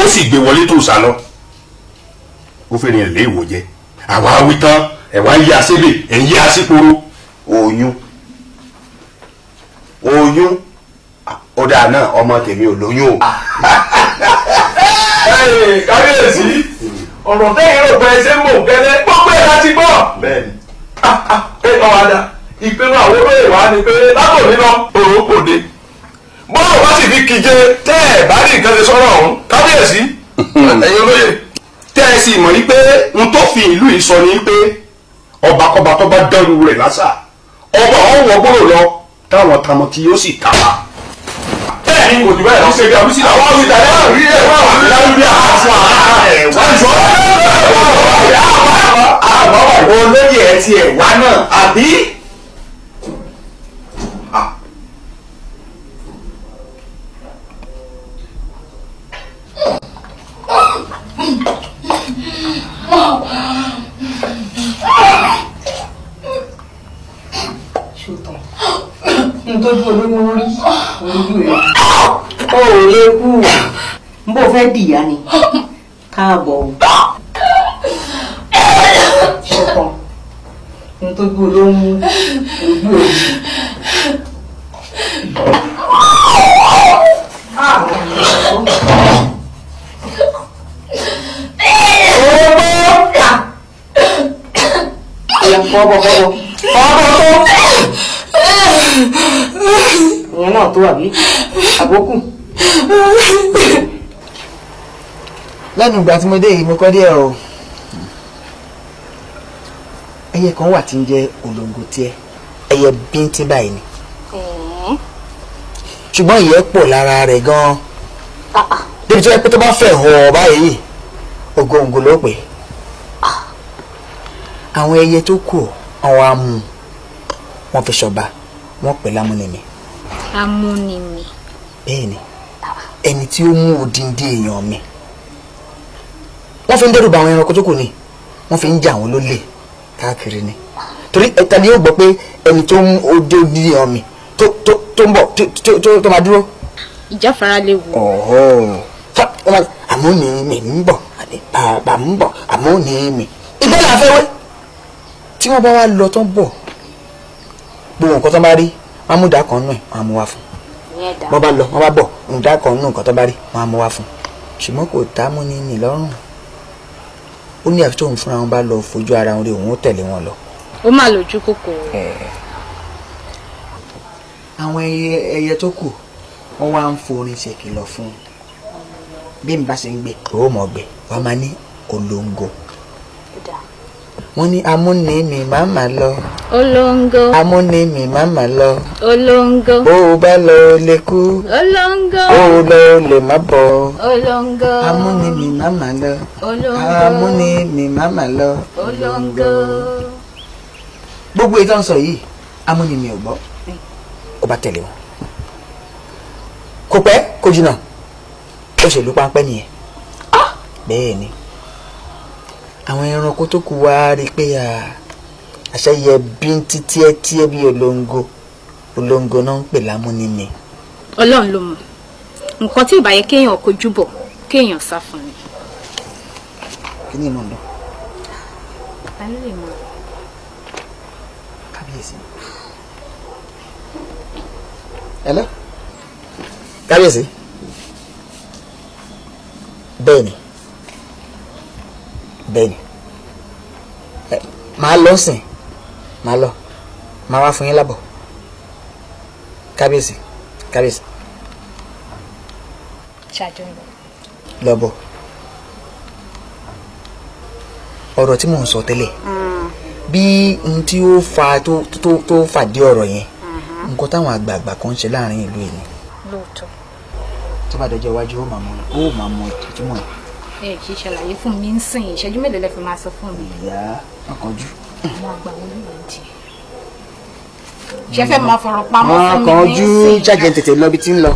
ó sì gbé wọlé tó sá lọ ó fẹ́ràn ẹ̀ lé ìwò jẹ àwa wí tán ẹ wá ń yí asébè ẹ ń yí asíporo oyún oyún ọ̀dà náà ọmọ tèmi ò lóyún o. kábíyèsí ọ̀rọ̀ tẹ́yìn rò pé ẹsẹ̀ ń bò kẹ́lẹ́ gbogbo ẹ̀ láti gbọ́. Ah, ah, ẹ lọ wá dá ìpinnu àwọn olóyè wa ni pé látòmí lọ òun kò bọ́ọ̀lù bá sì fi kíje tẹ́ ẹ̀ bá rí nǹkan ṣe sọ́rọ̀ ọ̀hún kábíyèsí ẹ̀yin olóyè. tẹ́ ẹ sì mọ̀ yí pé n tó fi ìlú yìí sọ ni pé ọbakọba tó bá dẹrù rẹ̀ lásà ọba ọwọ́ gbọ́dọ̀ lọ táwọn tamọ tí yóò sì tàwa. bẹ́ẹ̀ ni kò jù bẹ́ẹ̀ lọ ṣe bí àwọn ìṣẹ̀lẹ̀ àwọn ìṣẹ̀lẹ̀ náà rí ẹ wọn àwọn ìlànà àwọn àjọ àwọn olóyè ẹ ti ẹ wá náà àbí. Wow. Ah. ntọ́jú olóyún rí ojú ẹ̀. o ò lè kú n bò fẹ́ dìyà ni káàbọ̀ o. ṣùpọ̀ ntọ́jú olóyún ojú ẹ̀. Bọ́bọ̀ bọ́bọ̀ bọ́bọ̀ tó. ìyẹn náà tó àbí àbókù. lẹ́nu ìgbà tí mo dé yìí mo kọ́ díẹ̀ o ẹyẹ kan wà tí ń jẹ́ olóńgòtiẹ ẹyẹ bíntín báyìí ni mm-hmm. ṣùgbọ́n ìyẹ́ pọ̀ lára rẹ̀ gan-an débi tí wọ́n pẹ́ tó bá fẹ̀ hàn báyìí ògòǹgò ló pè ah. àwọn ẹyẹ tó kù àwọn mú. un. wọ́n fi ṣọba wọ́n pè lámúnimì. amúnimì. bẹ́ẹ̀ni ẹni tí ó mú odindi èèyàn mi wọ́n fi ń dẹ́rù bà àwọn ẹranko tó kù ni wọ́n fi ń jà àwọn lólè káàkiri ni torí ẹ̀ta ni yóò gbọ́ pé ẹni tó mú odindi èèyàn mi tó tó tó ń bọ̀ tó tó máa dúró. ìjáfara lè wò. ọ̀hún amúnimì ń bọ̀ bàbá ń bọ̀ amúnimì ìgbẹ́ làá fẹ́ wé tí wọ́n bá wá lọ tó bọ̀ gbogbo nǹkan tó bá rí wọn á mú ìdá kan nù ẹ wọn á mú wá fún wọn bá lọ wọn bá bọ ìdá kan nù nǹkan tó bá rí wọn á mú wá fún ṣùgbọ́n kò tá mú ní nì lọ́rùn ó ní àfi tóun fúnra wọn bá lọ fojú ara wọn rí òun ó tẹ̀lé wọn lọ. ó mà lójú kòkòrò. àwọn ẹyẹ tó kù wọn wá ń forin ṣèkìlọ̀ fún un bí n bá ṣe ń gbé. ó mọ̀ gbé wọn máa ní olóńgò wọ́n ní amúnimì màmá lọ. olóńgó. amúnimì màmá lọ. olóńgó. bó o bá lọ o lè kú. olóńgó. bó o lọ o lè má bọ̀. olóńgó. amúnimì màmá lọ. olóńgó. mi màmá lọ. olóńgó. gbogbo ìtàn sọ yìí amúnimì ò gbọ́ ó bá tẹ̀lé wọn kò pẹ́ kò jìnnà ó ṣèlú páńpẹ́ nìyẹn ah! bẹ́ẹ̀ ni àwọn ẹranko tó kù wá rí i pé àṣàyẹ bí ń tí tíẹ́tíẹ́ bí olóńgó olóńgó náà ń pè lámúnini. ọlọ́run ló mọ̀ nǹkan tí ìbáyé kéèyàn kojú bọ̀ kéèyàn sá fún ni. kí ni ìmọ̀ lọ. ta ló lè mọ. kábíyèsí. ẹlẹ́ kábíyèsí bẹ́ẹ̀ ni bẹ́ẹ̀ni ẹ màá lọ sìn màá lọ màá wá fún yín lábọ̀ kábíyèsí kábíyèsí. ṣáájú ń bọ̀. lọ́bọ̀ ọ̀rọ̀ tí mò ń sọ tẹ́lẹ̀ mm. bí n tí ó fa tó tó tó fàdí ọ̀rọ̀ yẹn mm-hmm. nǹkan táwọn àgbààgbà kan ń ṣe láàrin ìlú yìí lóòótọ́. tó bá dọjọ́ iwájú ó máa mọ ìtumọ̀ yìí ẹ ṣe ṣàlàyé fún mi ń sìn ìṣẹ́jú mélòó lẹ fi máa sọ fún mi. ìyá ọkànjú. àwọn àgbà wọn ló wà dì ṣe fẹ́ máa fọ̀rọ̀ pamọ́ fún mi ní sìn. ọkànjú jàjẹ́ tètè lọ bí ti ń lọ.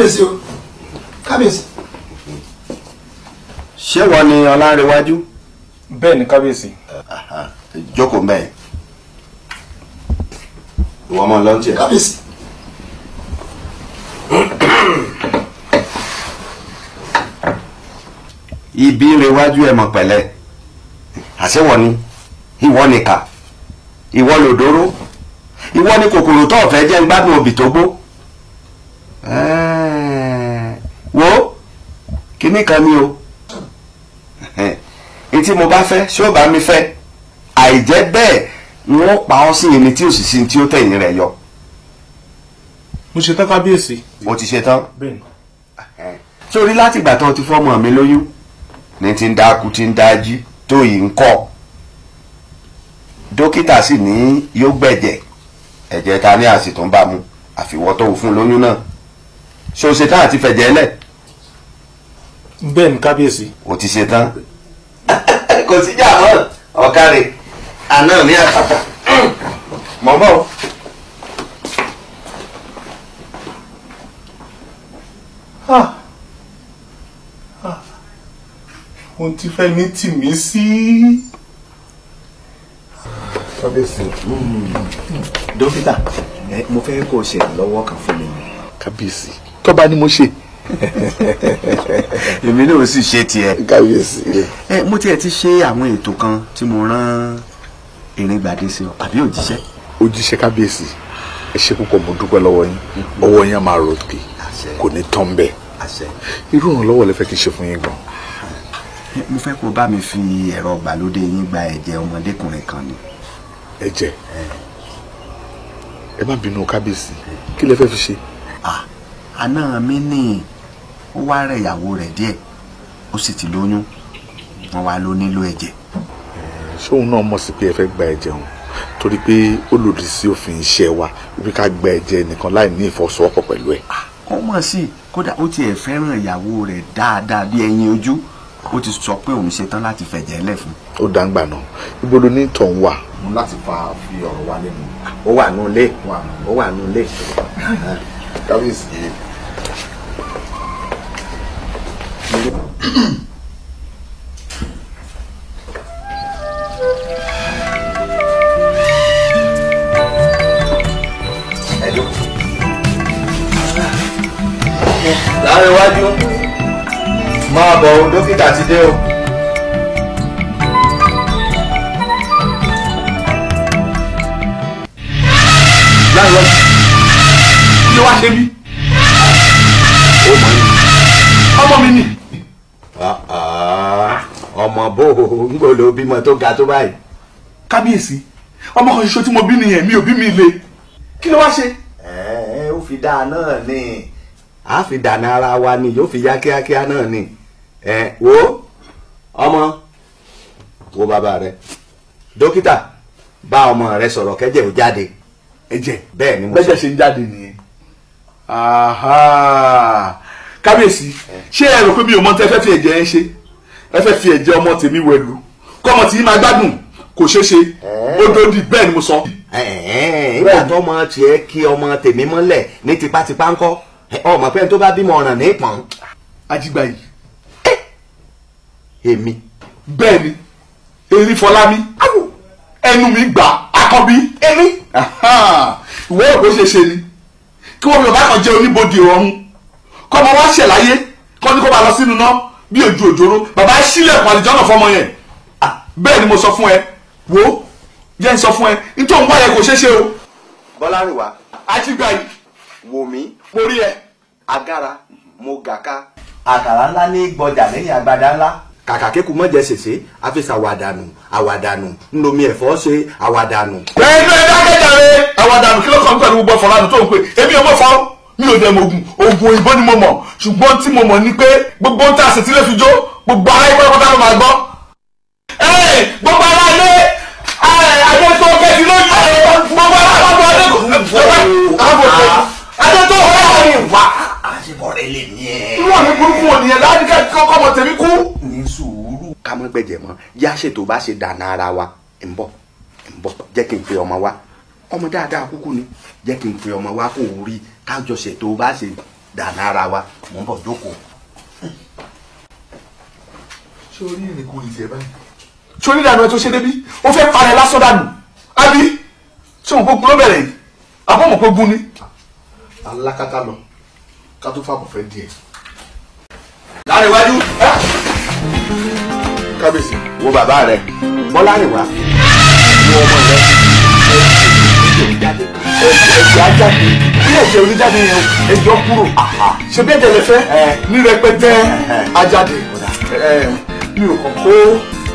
kábíyèsí o kábíyèsí. ṣé wọ́n ni ọlárẹ̀wájú. bẹ́ẹ̀ ni kábíyèsí. jókòó mbẹ́ ìwọ ọmọ lọ́n tiẹ̀. kábíyèsí. ibi ìrẹ̀wájú ẹ̀ mọ̀ pẹ̀lẹ́ àṣẹwọ̀ ni ìwọ nìkà ìwọ lòdòrò ìwọ ni kòkòrò tó ọ̀fẹ́ jẹ́ ń gbádùn obì tó gbó kíní kan ni o n tí mo bá fẹ́ ṣé ó bá mi fẹ́ àìjẹ́ bẹ́ẹ̀ ni wọ́n pa ọ́ sí ẹni tí òṣìṣẹ́ tí ó tẹ̀yìn rẹ̀ yọ. mo ṣe tán kábíyèsí. o ti ṣe tán. sórí látìgbà tó ti fọ́mọ mi lóyún ní ti ń dákú ti ń dájí tó yìí ń kọ́ dókítà sì ní yóò gbẹ̀jẹ̀ ẹ̀jẹ̀ ta ni a sì tún bá mu àfiwọ́ tó fún lóyún náà ṣé àti fẹ̀jẹ̀ lẹ̀ bẹ́ẹ̀ ni kábíyèsí. o ti ṣe tán kò síjà mọ́ ọ̀kadì àná mi àpàtà mọ̀mọ́ o. ohun tí fẹ́mi tì mí sí. kábíyèsí dókítà mo fẹ́ kó o ṣe ìlọ́wọ́ kan fún mi. kábíyèsí tó bá ní mo ṣe èmi náà sì ṣe tiẹ̀ kábíyèsí. mo tiẹ̀ ti ṣe àwọn ètò kan tí mo rán Eringbade sí ọ àbí òjíṣẹ́. òjíṣẹ́ kábíyèsí ẹ ṣe púpọ̀ mo dúpẹ́ lọ́wọ́ yín ọwọ́ yín á máa ròkè kò ní tán bẹ́ẹ̀ irú ìrànlọ́wọ́ lẹ fẹ́ kí n ṣe fún yín gan. mo fẹ́ kó bá mi fi ẹ̀rọ ìgbàlódé yín gba ẹ̀jẹ̀ ọmọdékùnrin kan ni. ẹ̀jẹ̀ ẹ má bínú kábíyèsí kí lẹ fẹ́ fi ṣe. àná mi ní ó wá rẹ̀ ìyàwó rẹ̀ díẹ̀ ó sì ti lóyún wọn wá ló nílò ẹ̀jẹ̀. ṣóun náà mọ̀ sí pé ẹ fẹ́ gba ẹ̀jẹ̀ òun torí pé ó lòdì sí òfin iṣẹ́ wa wípé ká gba ẹ̀jẹ̀ nìkan láì ní ìfọwọ́sowọ́pọ̀ pẹ̀lú ẹ̀. Ah, ó mọ̀ sí kódà ó tiẹ̀ fẹ́ràn ìyàwó rẹ̀ dáadáa bí ẹyin ojú ó ti sọ pé òun ṣetán láti fẹ̀jẹ̀ ńlẹ̀ fún. ó dáńgbà náà ibo ló ní tọ̀hún wà. mo láti fa fi ọ̀rọ̀ wa lẹ́nu. ó wà nù máa bọ̀ o dókítà ti dé o. láìlọ́ kí ló wá ṣe mí. ó máa ń yí. ọmọ mi nì. Ah, ah, ọmọ bò ó ń gbòòlò bímọ tó ga tó báyìí. kábíyèsí ọmọ kan ṣoṣo tí mo bí nìyẹn mi ò bí mi le kí ló wá ṣe. ẹ ẹ ó fi dáa náà ni àá fi dànà ara wa ni yóò fi yá kíákíá náà ni ẹ wo ọmọ wo bàbá rẹ dókítà bá ọmọ rẹ sọ̀rọ̀ kẹ́jẹ̀ ò jáde. ẹ̀jẹ̀ bẹ́ẹ̀ ni mo sọ bẹ́ẹ̀ ṣe ń jáde nìyẹn. kábíyèsí ṣé ẹ rò pé mi ò mọ tí ẹ fẹ́ fi ẹ̀jẹ̀ ẹ ṣe ẹ fẹ́ fi ẹ̀jẹ̀ ọmọ tèmi wẹ̀lú kọ́mọ tí yín máa gbádùn kò ṣeé ṣe ó dòdì bẹ́ẹ̀ ni mo sọ. ìgbà tó ọmọ tiẹ̀ kí ọmọ tèmi mọ́lẹ̀ ní tipátipá ńkọ́ ọmọ pẹ́ẹ́n tó bá bímọ ọ̀ràn ní ìpọ́n. ajígbà èmi. bẹ́ẹ̀ni erin fọlámi ẹnu mi gbà akọbí erin ìwọ òkú ṣe ṣe ni kí wọn fi ọba kan jẹ oníbodè ọ̀run kọ́ ọmọ wa ṣẹ̀láyé kọ́ ní kó máa lọ sínú náà bí ojú òjòrò bàbá sílẹ̀kùn àlìjọ́nà fọmọ yẹn bẹ́ẹ̀ ni mo sọ fún ẹ wo jẹ́ n sọ fún ẹ nítorí òun wáyẹ kò ṣeé ṣe o. bọ́lárìnwá. àtìgbà yìí. wò mí. mo rí ẹ. agara mo gà ká. àkàrà ńlá ní gbọjà lẹ́yìn àgbàdá ńlá kàkà kéku mọ̀jẹ̀ ṣèṣe àfẹsẹ̀ àwàdànù àwàdànù ńlomi ẹ̀fọ́ ṣe àwàdànù. bẹ́ẹ̀ bẹ́ẹ̀ dákẹ́jà àwàdànù kí ló kàn pẹ̀lú gbogbo ọ̀fọ̀lánù tó ń pè èmi ò mọ̀ fọ́ mi ò dẹ̀ ogun ogun òyìnbó ni mo mọ̀ ṣùgbọ́n tí mo mọ̀ ni pé gbogbo ń tà sí fi jó gbogbo ara ẹgbẹ́ pátá ló máa gbọ́. gbogbo ara ilé àjẹtò kẹsì ló ní gbogbo ara àbọ̀ àjẹtò ká mọ́ gbẹ̀jẹ̀ mọ́ yá ṣètò bá ṣe dànà ara wa ń bọ̀ ń bọ̀ jẹ́ kí n pe ọmọ wa ọmọ dáadáa kúkú ni jẹ́ kí n pe ọmọ wa kó o rí kájọ ṣètò bá ṣe dànà ara wa mò ń bọ̀ jókòó. ṣé orí ìrìnkò ìjẹ báyìí. ṣé onídàáná tó ṣe débi ó fẹ́ parẹ́ lásán dànù àbí ṣé òun gbógun ló bẹ̀rẹ̀ yìí àbọ̀mọ̀ gbógun ni. alákatá lọ ká tó fàbọ̀ fẹ́ díẹ̀. láàrin iwájú kábíyèsí. wo bàbá rẹ bọ́lá ìwà wo ọmọ rẹ ẹ̀jẹ̀ ajáde bí ẹ̀jẹ̀ oníjáde yẹn ẹjọ́ kúrò ṣe bí ẹ̀jẹ̀ lè fẹ́ ní rẹpẹtẹ ajáde mi ò kàn kó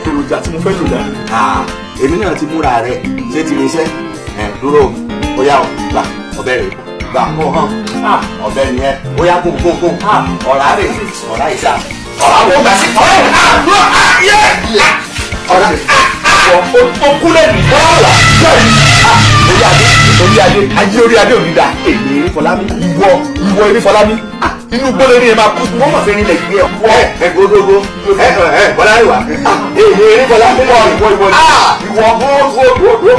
èròjà tí mo fẹ́ lò dáa. èmi náà ti múra rẹ ṣé ti ní iṣẹ́ dúró ó yá ọbẹ̀ rẹ gbà kó hàn ọbẹ̀ yẹn ó yá kó kó kó ọ̀rá rẹ ọ̀rá ìṣá ọ̀rọ̀ àwọn ọgbà sí ọ̀rọ̀ àbúrò àyè ọ̀rọ̀ òkú lẹ́nu bọ́ọ̀lù bẹ́ẹ̀ni orí adé orí adé ayé orí adé òní da èmi eré fọlámi ìwọ ìwọ eré fọlámi ah, inú gbọ́dọ̀ ní ẹ máa kú wọ́n mọ̀ fẹ́ẹ́ nílẹ̀ gbé ọ ẹ gbogbo ẹ ẹ bọ́lá ìwà èmi eré fọlámi ìwọ ìwọ ìwọ ah, ìwọ gbogbo.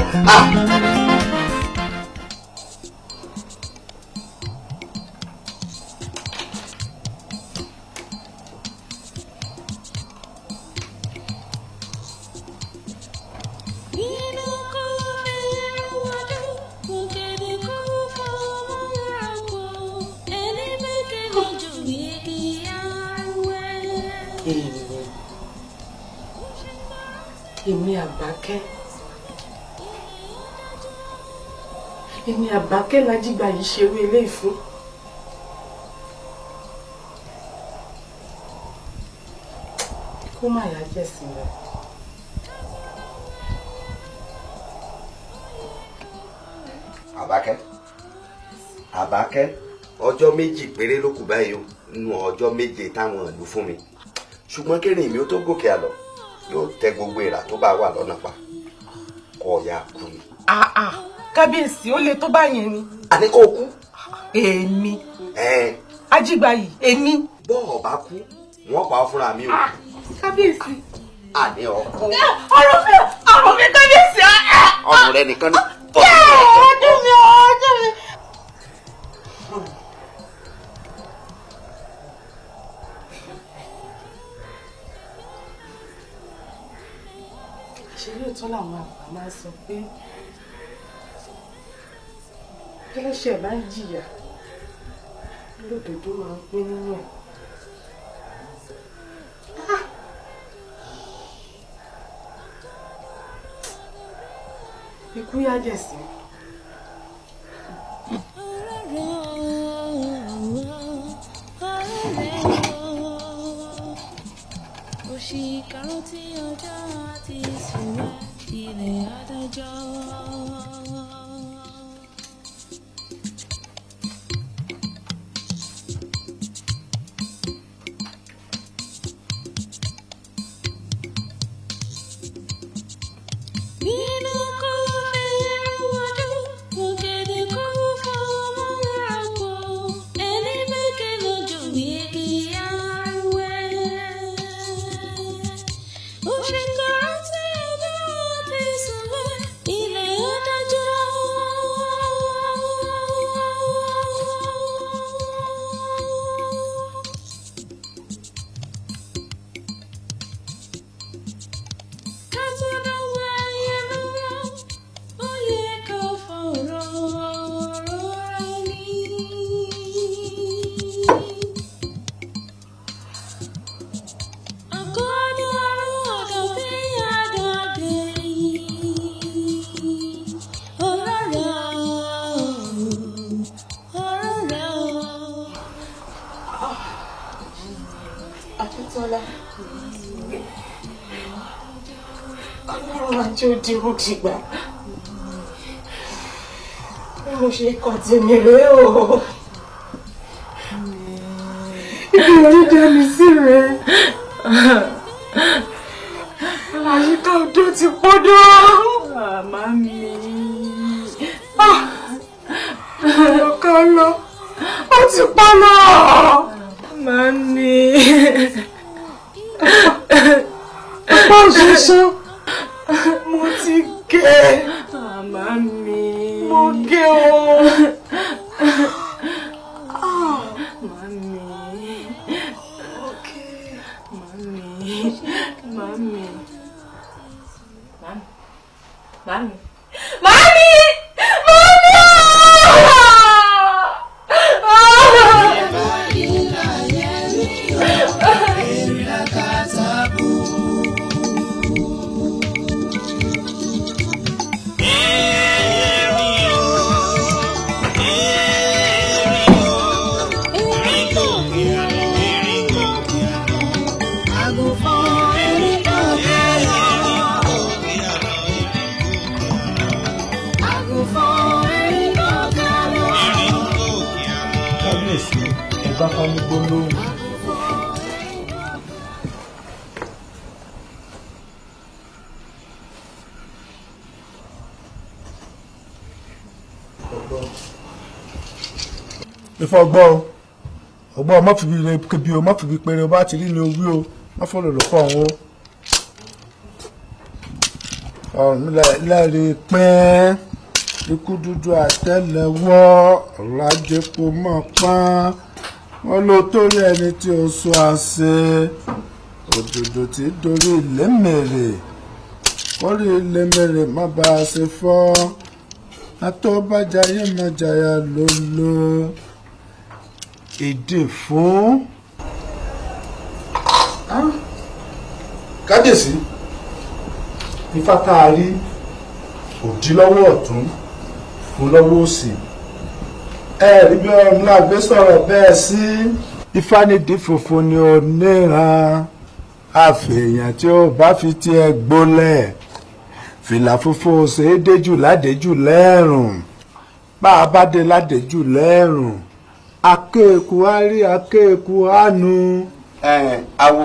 àbákẹ́ èmi àbákẹ́ lajígba yìí ṣerú eléyìí fún kó má yá jẹ̀ sí rẹ̀. àbákẹ́ àbákẹ́ ọjọ́ méjì péré ló kù báyìí o nínú ọjọ́ méje táwọn ìlú fún mi ṣùgbọ́n kéré mi ó tó gòkè àlọ́ ló tẹ gbogbo ìrà tó bá wà lọ́nà pa kó ọ̀yà kú ni. kábíyèsí ó le tó bá yẹn ni. àní kò kú. èmi. ajígbayì èmi. bọ́ọ̀ bá kú wọ́n pa ọ́ fúnra mi o. kábíyèsí. àní ọkọ. ọ̀rọ̀ mi ọ̀rọ̀ mi kábíyèsí. ọ̀rọ̀ rẹ nìkan ni. ọdún mi ò. lóòótọ́ làwọn àgbà máa sọ pé ẹlẹ́ṣẹ̀ bá ń jìyà lódodo máa ń pín nínú ẹ̀. Ah! ikú yá dẹ̀ sí. òṣì kàró tí ọjọ́ àti ìṣòro. 你的爱的傲。dirú dìgbà bí mo ṣe kàn tèmi o. sáfá ní gbólóhùn. ìfọgbọ́ o ọgbọ́ ọmọ fìbí rẹ kebi o mọ́ fìbí péré o bá ti rí ni o wí o mọ́ fọlọ́ ló fọ́ ọ̀hún o ọ̀run lẹ́rìí pẹ́ẹ́n ikú dúdú àtẹ́lẹwọ́ ọ̀làjẹpọ̀ mọ́ pọ́n wọ́n ló torí ẹni tí o sọ àṣẹ òdòdó tí dorí ìlémèrè kórí ìlémèrè má bá a ṣe fọ́ atọ́bájayé má jayà ló lo èdè fún. kábíyèsí ifá tá a rí òdí lọ́wọ́ ọ̀tún fún lọ́wọ́ òsì ẹ rí bí ọrùn náà gbé sọ̀rọ̀ bẹ́ẹ̀ sí. ìfanidí funfun ni ó níran àfẹ̀yàn tí ó bá fi tiẹ̀ gbólẹ̀ fìlà funfun ṣe é déjù ládéjù lẹ́rùn bá a bá dé ládéjù lẹ́rùn akéèkú á rí akéèkú á nu. ẹ awo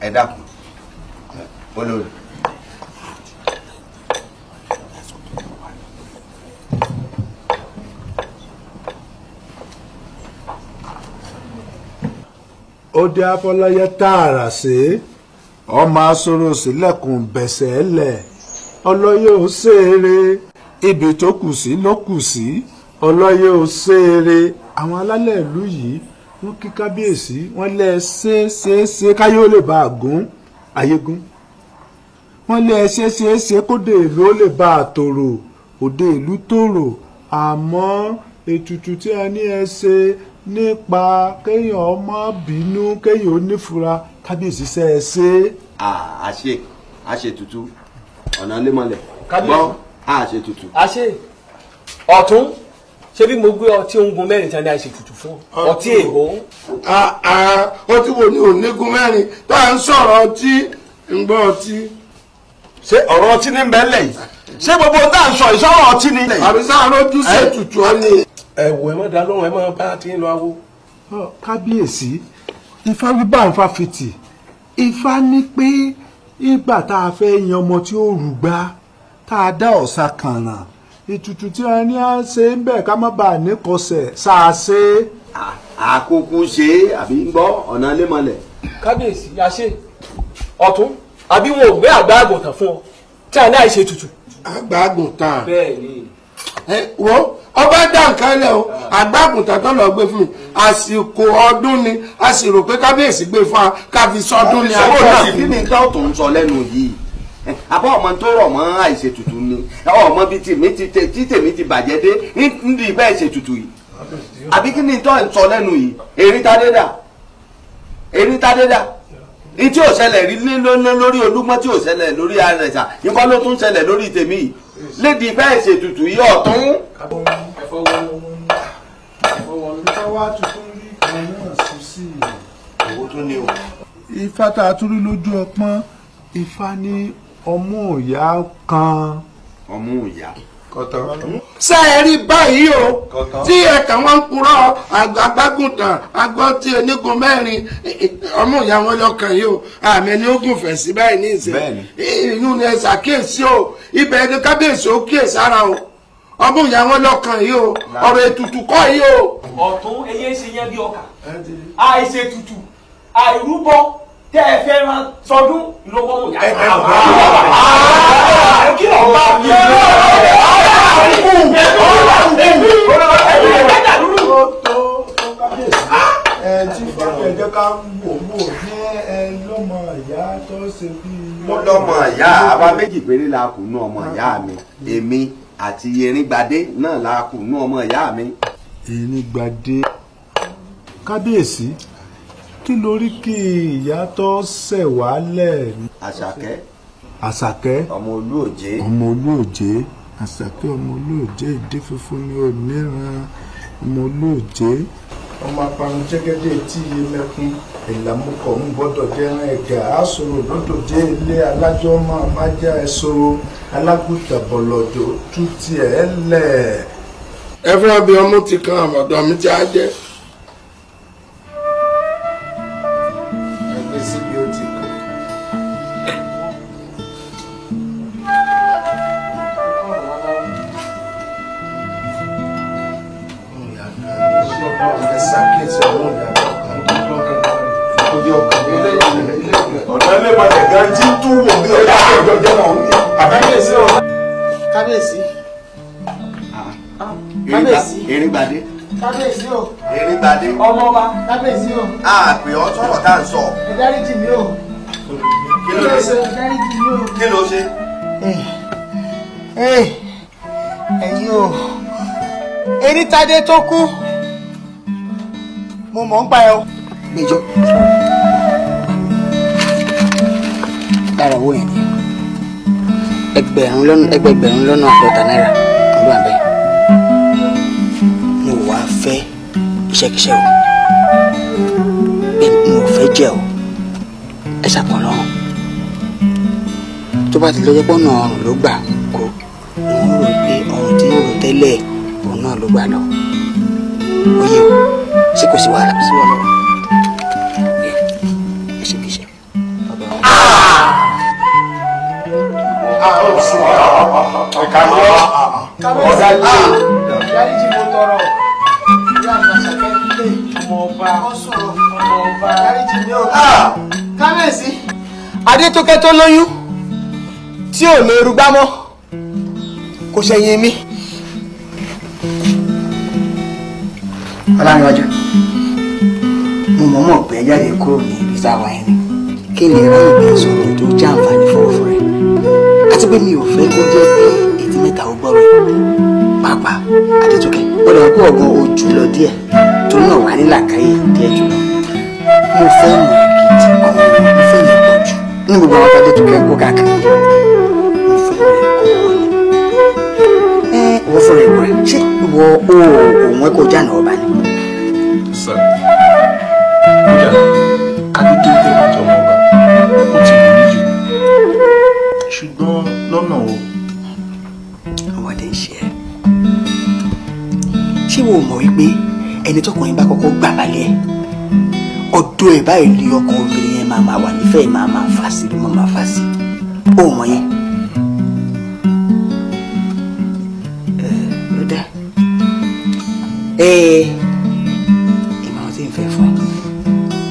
ẹ dákun olórí. ọdẹ afọláyẹ tààrà sí ọmọ asoro sílẹ̀kùn bẹ̀sẹ̀ lẹ̀ ọlọ́yẹ ò ṣeré ibi tó kù sí ló kù sí ọlọ́yẹ ò ṣeré àwọn alálẹ̀ ìlú yìí wọ́n kí kábíyèsí wọ́n lẹ́ ṣe ṣe ṣe káyé ó lè bá àgún ayégún wọ́n lẹ́ ṣe ṣe ṣe kóde ìlú ó lè bá àtòrò òde ìlú tòrò àmọ́ ètùtù tí a ní ẹ ṣe nípa kéèyàn ọmọ bínú kéèyàn onífura kábíyèsí ṣe é ṣe. àṣe àṣetutù ọ̀nà lémọ̀lẹ̀ gbọ́n àṣetutù. àṣe ọ̀tún ṣé bí mo gbé ọtí oògùn mẹ́rin tán ni a ṣe tutù fún ọtí èèbó. ọtí wo ni onígun mẹ́rin tá à ń sọ̀rọ̀ ọtí ń ọtí. ṣé ọ̀rọ̀ ọtí ní bẹ́ẹ̀ yìí ṣé gbogbo tá à ń sọ ìṣọ́rọ̀ ọtí ni. àbí sáà lójú ṣètùtù ọ ni ẹ̀wọ̀ ẹ̀ má dá lóhùn ẹ̀ má bá ti ń lọ awo. kábíyèsí ifá wí bá ń fa fìtì ifá ní pé ìgbà tá a fẹ́ yan ọmọ tí ó rùgbà tá a dá ọ̀sà kànà ìtùtù tí a ní à ń ṣe ń bẹ̀ ká má bàa níkọsẹ̀ ṣàṣe. àkókò ṣe é àbí ń gbọ́ ọ̀nà lémọlẹ̀. kábíyèsí àṣe ọ̀tún àbí wọn ò gbé àgbà fún ọ tí a ní àìṣe tutù. àgbà àgùntàn. ẹ wọ́n ọba dá nǹkan lẹ o àgbàgùntàn tó lọ gbé fún mi àsìkò ọdún ni a sì rò pé kábíyèsí gbé fún wa káfi sọdún ni àwọn náà kí ni nǹkan tó ń sọ lẹ́nu yìí àbọ̀ ọmọ tó rọ̀ mọ́ àìṣètùtù ni ọmọ bíi tèmi ti tèmi ti bàjẹ́ dé nídìí bá ìṣètùtù yìí àbí kí ni tó ń sọ lẹ́nu yìí èrí tádé dà èrí tádé dà ní tí ò ṣẹlẹ̀ rí lórí olúmọ tí ò ṣẹlẹ̀ lórí arẹ̀sà nípa ló tún ṣẹlẹ̀ lórí tèmi yìí lédi bá ìṣètùtù yìí ọ̀tún wá tuntun rí kan náà sùn sí i. owó tó ní o. ifá tá a tún rí lójú ọpọ́n ifá ní ọmú ìyá kan. ọmú ìyá ṣé ẹ rí báyìí o tí ẹ̀ka wọn ń purọ́ agbágùntàn agbọ́n tí onígun mẹ́rin ọmọ ìyá wọn lọ́kàn yìí o àmì ẹni ó gùn fẹ̀ sí báyìí ní ìsìn ìyún ni ẹ ṣàkíyèsí o ibẹ̀ ni kábíyèsí ó kíyèsára o ọmọ ìyá wọn lọkàn yìí o ọ̀rọ̀ ètùtù kọ́ yìí o. ọ̀tún eyín ṣe yẹn bí ọkà àìṣe tutù àìrúbọ tẹ ẹ fẹ́ máa sọdún ìlọ́wọ́ mọ̀ yá. ẹ ẹ bá a kí ló bá mi. ẹ tí ẹ jẹ́ ká wò wò ní ẹ lọ́mọ ìyá tó ṣe bí. lọ́mọ ìyá àbá méjì péré la kù ní ọmọ ìyá mi èmi àti Eringbadé náà la kù nú ọmọ ìyá mi. Eringbadé kábíyèsí kí lórí kí ìyá tó ṣẹ̀ wálẹ̀. àṣàkẹ́. àṣàkẹ́. ọmọ olóòjé. ọmọ olóòjé àṣàkẹ́ ọmọ olóòjé ìdí funfun ni ò níran ọmọ olóòjé ọmọ apanu jẹgẹdẹ tí iye mẹkún ìlàmúkọ ń gbọ́dọ̀ jẹran ẹgà àásòrò lódò dé ilé alájọ máa má já ẹsoro alágùtà bọlọdọ tú tiẹ lẹ. ẹ fẹ́ bí ọmú ti kan àmọ̀dọ̀ mi Tádé tó kú mo mọ̀ ń pa ẹ o. gbẹjọ lára owó yẹn ni ẹgbẹ̀rún lọ́nà ẹgbẹ̀gbẹ̀rún lọ́nà àádọ́ta náírà ló wà bẹ́ẹ̀ mo wàá fẹ́ iṣẹ́kíṣẹ́ o bẹ́ẹ̀ mo fẹ́ jẹ́ o ẹ ṣàkàn lọ́rùn tó bá ti lọ́jọ́ pọ́nà ọ̀run ló gbà kó mo ń rò pé ọ̀run tí mo rò tẹ́lẹ̀ náà ló gbà lọ oyè o ṣé kò sí wàhálà sí wọn náà. ọ̀dájú yálìjì mo tọrọ ìyá àgbàṣàkẹ́ ilé ọmọ ọba ọsọrọ ọmọ ọba yálìjì ní ọba kábíyèsí. adétókẹ́ tó lóyún tí ò lè rúgbá kò ṣẹ̀yìn mi. ọlárẹwájú mo mọ̀ mọ̀ pé jáde kúrò ní ibi táwa ẹni kí n lè ráyè kí n sọ̀rọ̀ tó já àǹfààní fọwọ́ fún rẹ àti pé mi ò fẹ́ kó jẹ́ pé etí mẹ́ta ò gbọ́ rẹ pàápàá adétúkẹ́ ó lọ kó ọ̀gán ojú lọ díẹ̀ tó náà wà nílà káyé díẹ̀ jùlọ mo fẹ́ mọ̀ gidi kan mo fẹ́ yẹn pọ̀ jù ní gbogbo àwọn adétúkẹ́ kó káàkiri mo fẹ́ mọ̀ ẹ̀kọ́ wọn ni ẹ wọ́n fún rẹ̀ wọ́n ṣé ìwọ Kódà Kálídé kò àjọ ọmọọba ó ti rí jù ṣùgbọ́n lọ́nà o. Ọmọdé ń ṣe ẹ́. Ṣé wo mọ̀ wípé ẹni tọkùnrin bá kọ́kọ́ gbà balẹ̀ ọdún ẹ̀ báyìí ni ọkọ obìnrin yẹn máa máa wà nífẹ̀ẹ́ máa máa fà sí ló máa máa fà sí. Ó mọ̀ yẹn. Ó eh, dà. Ẹ̀ẹ́.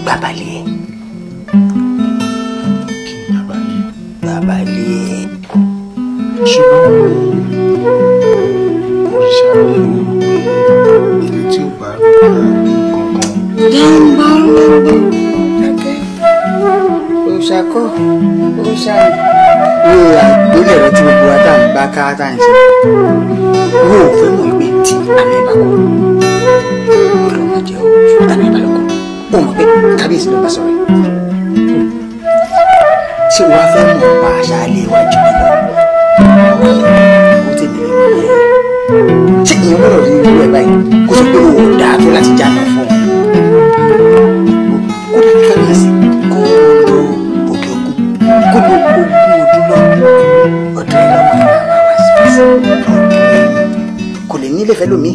Babaláyé. Kí ni Babaláyé? Babaláyé. Ṣùgbọ́n òrìṣà rẹ̀ ń wí ilé tí ó bá rí ra kankan. Dẹ́nbà lọ́dọ̀ dákẹ́. Òrìṣà kọ́, òrìṣà wo àgbélẹ̀ rẹ tí gbogbo wa tá à ń fẹ́ mọ̀ pé tí àná ìbá Ọlọ́run jẹ́ òṣùpá àná ìbá ó mọ̀ pé kábíyèsí ló ń bá sọ̀rọ̀ yìí ṣé wàá fẹ́ mọ̀ pa àṣà ilé iwájú mi lọ ó ti lè mú ẹ ṣé ìyẹn gbọ́dọ̀ rí irú ẹ̀ báyìí kó tó pé òun dá tó láti já lọ fún un kó dàbí kábíyèsí kó lọ òkè òkun kó lọ ogún ọdún lọ ọ̀dọ̀ ẹ̀ lọ́wọ́ ẹ̀ máa wá sí i kò lè nílé fẹ́ lómi.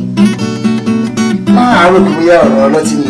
máa rògbòyà ọ̀rọ̀ ọlọ́tí ni.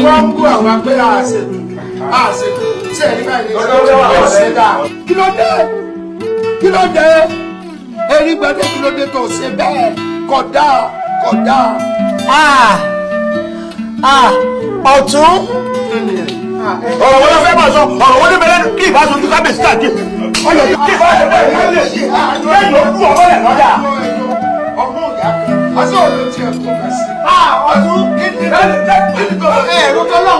tí wọ́n ń bú àwọn pé a ṣètò a ṣètò tí ẹ̀rí báyìí ní ìṣẹ́jú ṣe dáa. kí ló dé kí ló dé erí gbẹdẹ kí ló dé tó ṣe bẹ́ẹ̀ kódà kódà. ọ̀tún ọ̀rọ̀ wo ló fẹ́ bá sọ ọ̀rọ̀ wo ló bẹ̀rẹ̀ kí ìbáṣọ ojú kábíyèsí tà dé. ọ̀rọ̀ kí ìbáṣọ ojú kábíyèsí tà dé ọtí ò ló tiẹ̀ kó fẹ́ sí. a ọdún kíni kíni tó ẹ ẹ̀rọ tó lọ.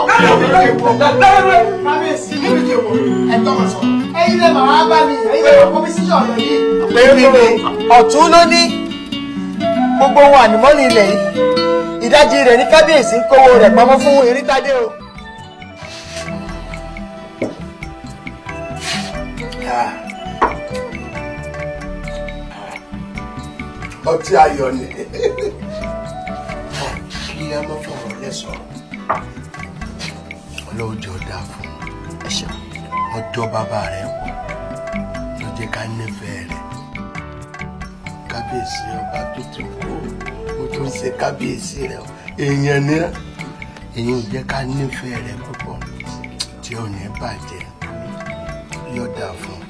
lẹ́rẹ̀ kábíyèsí kíni tó wọ ẹ̀tọ́ ma sọ. ẹyin lè màá bá mi ẹyin lè kó mi síjọ lọ yìí. pèrèpèrè ọ̀tún ló ní gbogbo ohun ànímọ́lì ilẹ̀ yìí ìdajì rẹ̀ ní kábíyèsí ń kówó rẹ̀ pamọ́ fún erékadé o. ọtí ayọ̀ ni kí ẹ mọ fún ọ̀rọ̀ lẹsọ ọlọ́wọ́ jọ dá fún ọjọ́ bàbá rẹ̀ ló jẹ́ ká nífẹ̀ẹ́ rẹ̀ kábíyèsí ọba tó ti kú ó tó ń ṣe kábíyèsí rẹ̀ èèyàn ni èyí ń jẹ́ ká nífẹ̀ẹ́ rẹ̀ púpọ̀ tí ò ní bàjẹ́ yọ̀dà fún un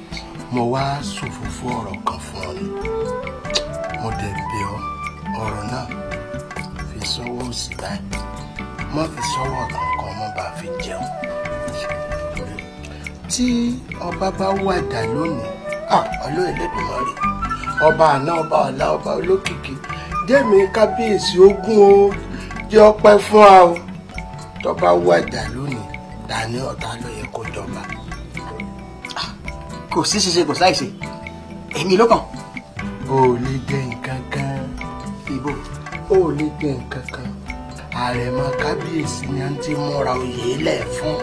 mo wá ṣòfófó ọ̀rọ̀ kan fún ọ ni mo dẹ̀ bẹ̀ ọ́ ọ̀rọ̀ náà fi sọ́wọ́ òsì báyìí má fi sọ́wọ́ kankan má bàa fi jẹun tí ọba bá wàdà lónìí ọlọ́ Ẹlẹ́dùmarè ọba àná ọba ọ̀la ọba olókìkí jẹ́mi kábíyèsí ogún o jẹ́ ọpẹ́ fún wa o tọ́ba wàdà lónìí ta ni ọ̀tá ló kó jọba kò sí ṣíṣe kò sáì ṣe èmi ló kàn. o ò lè jẹ nǹkan ibo o ò lè jẹ nǹkan kan àrẹ̀mọ kábíyèsí ni à ń ti múra oyè lẹ̀ fún.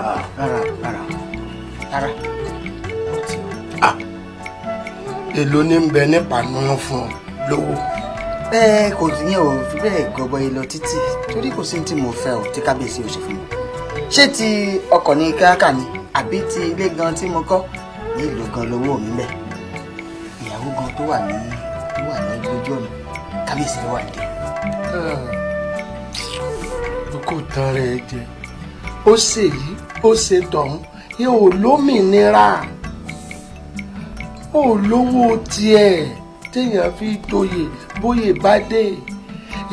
rárá rárá rárá èlò ní bẹ nípa nínú fún ọ lówó. bẹ́ẹ̀ kò yẹn ò fi bẹ́ẹ̀ gọbọi lọ títì torí kò sí ní tí mo fẹ́ ọ tí kábíyèsí ò ṣe fún mi. ṣé ti ọkọ̀ ní kíákà ni àbí ti ilé gan tí mo kọ́ nílò gan lọ́wọ́ mi bẹ́ẹ̀ ìyàwó gan tó wà ní tó wà ní lójú ọ̀nà kábíyèsí ló wà dé. kò tán rẹ jẹ ó ṣe yìí ó ṣe tọ̀hún yóò lómìnira ó lówó tiẹ̀ téèyàn fi joyè bóyè bá dé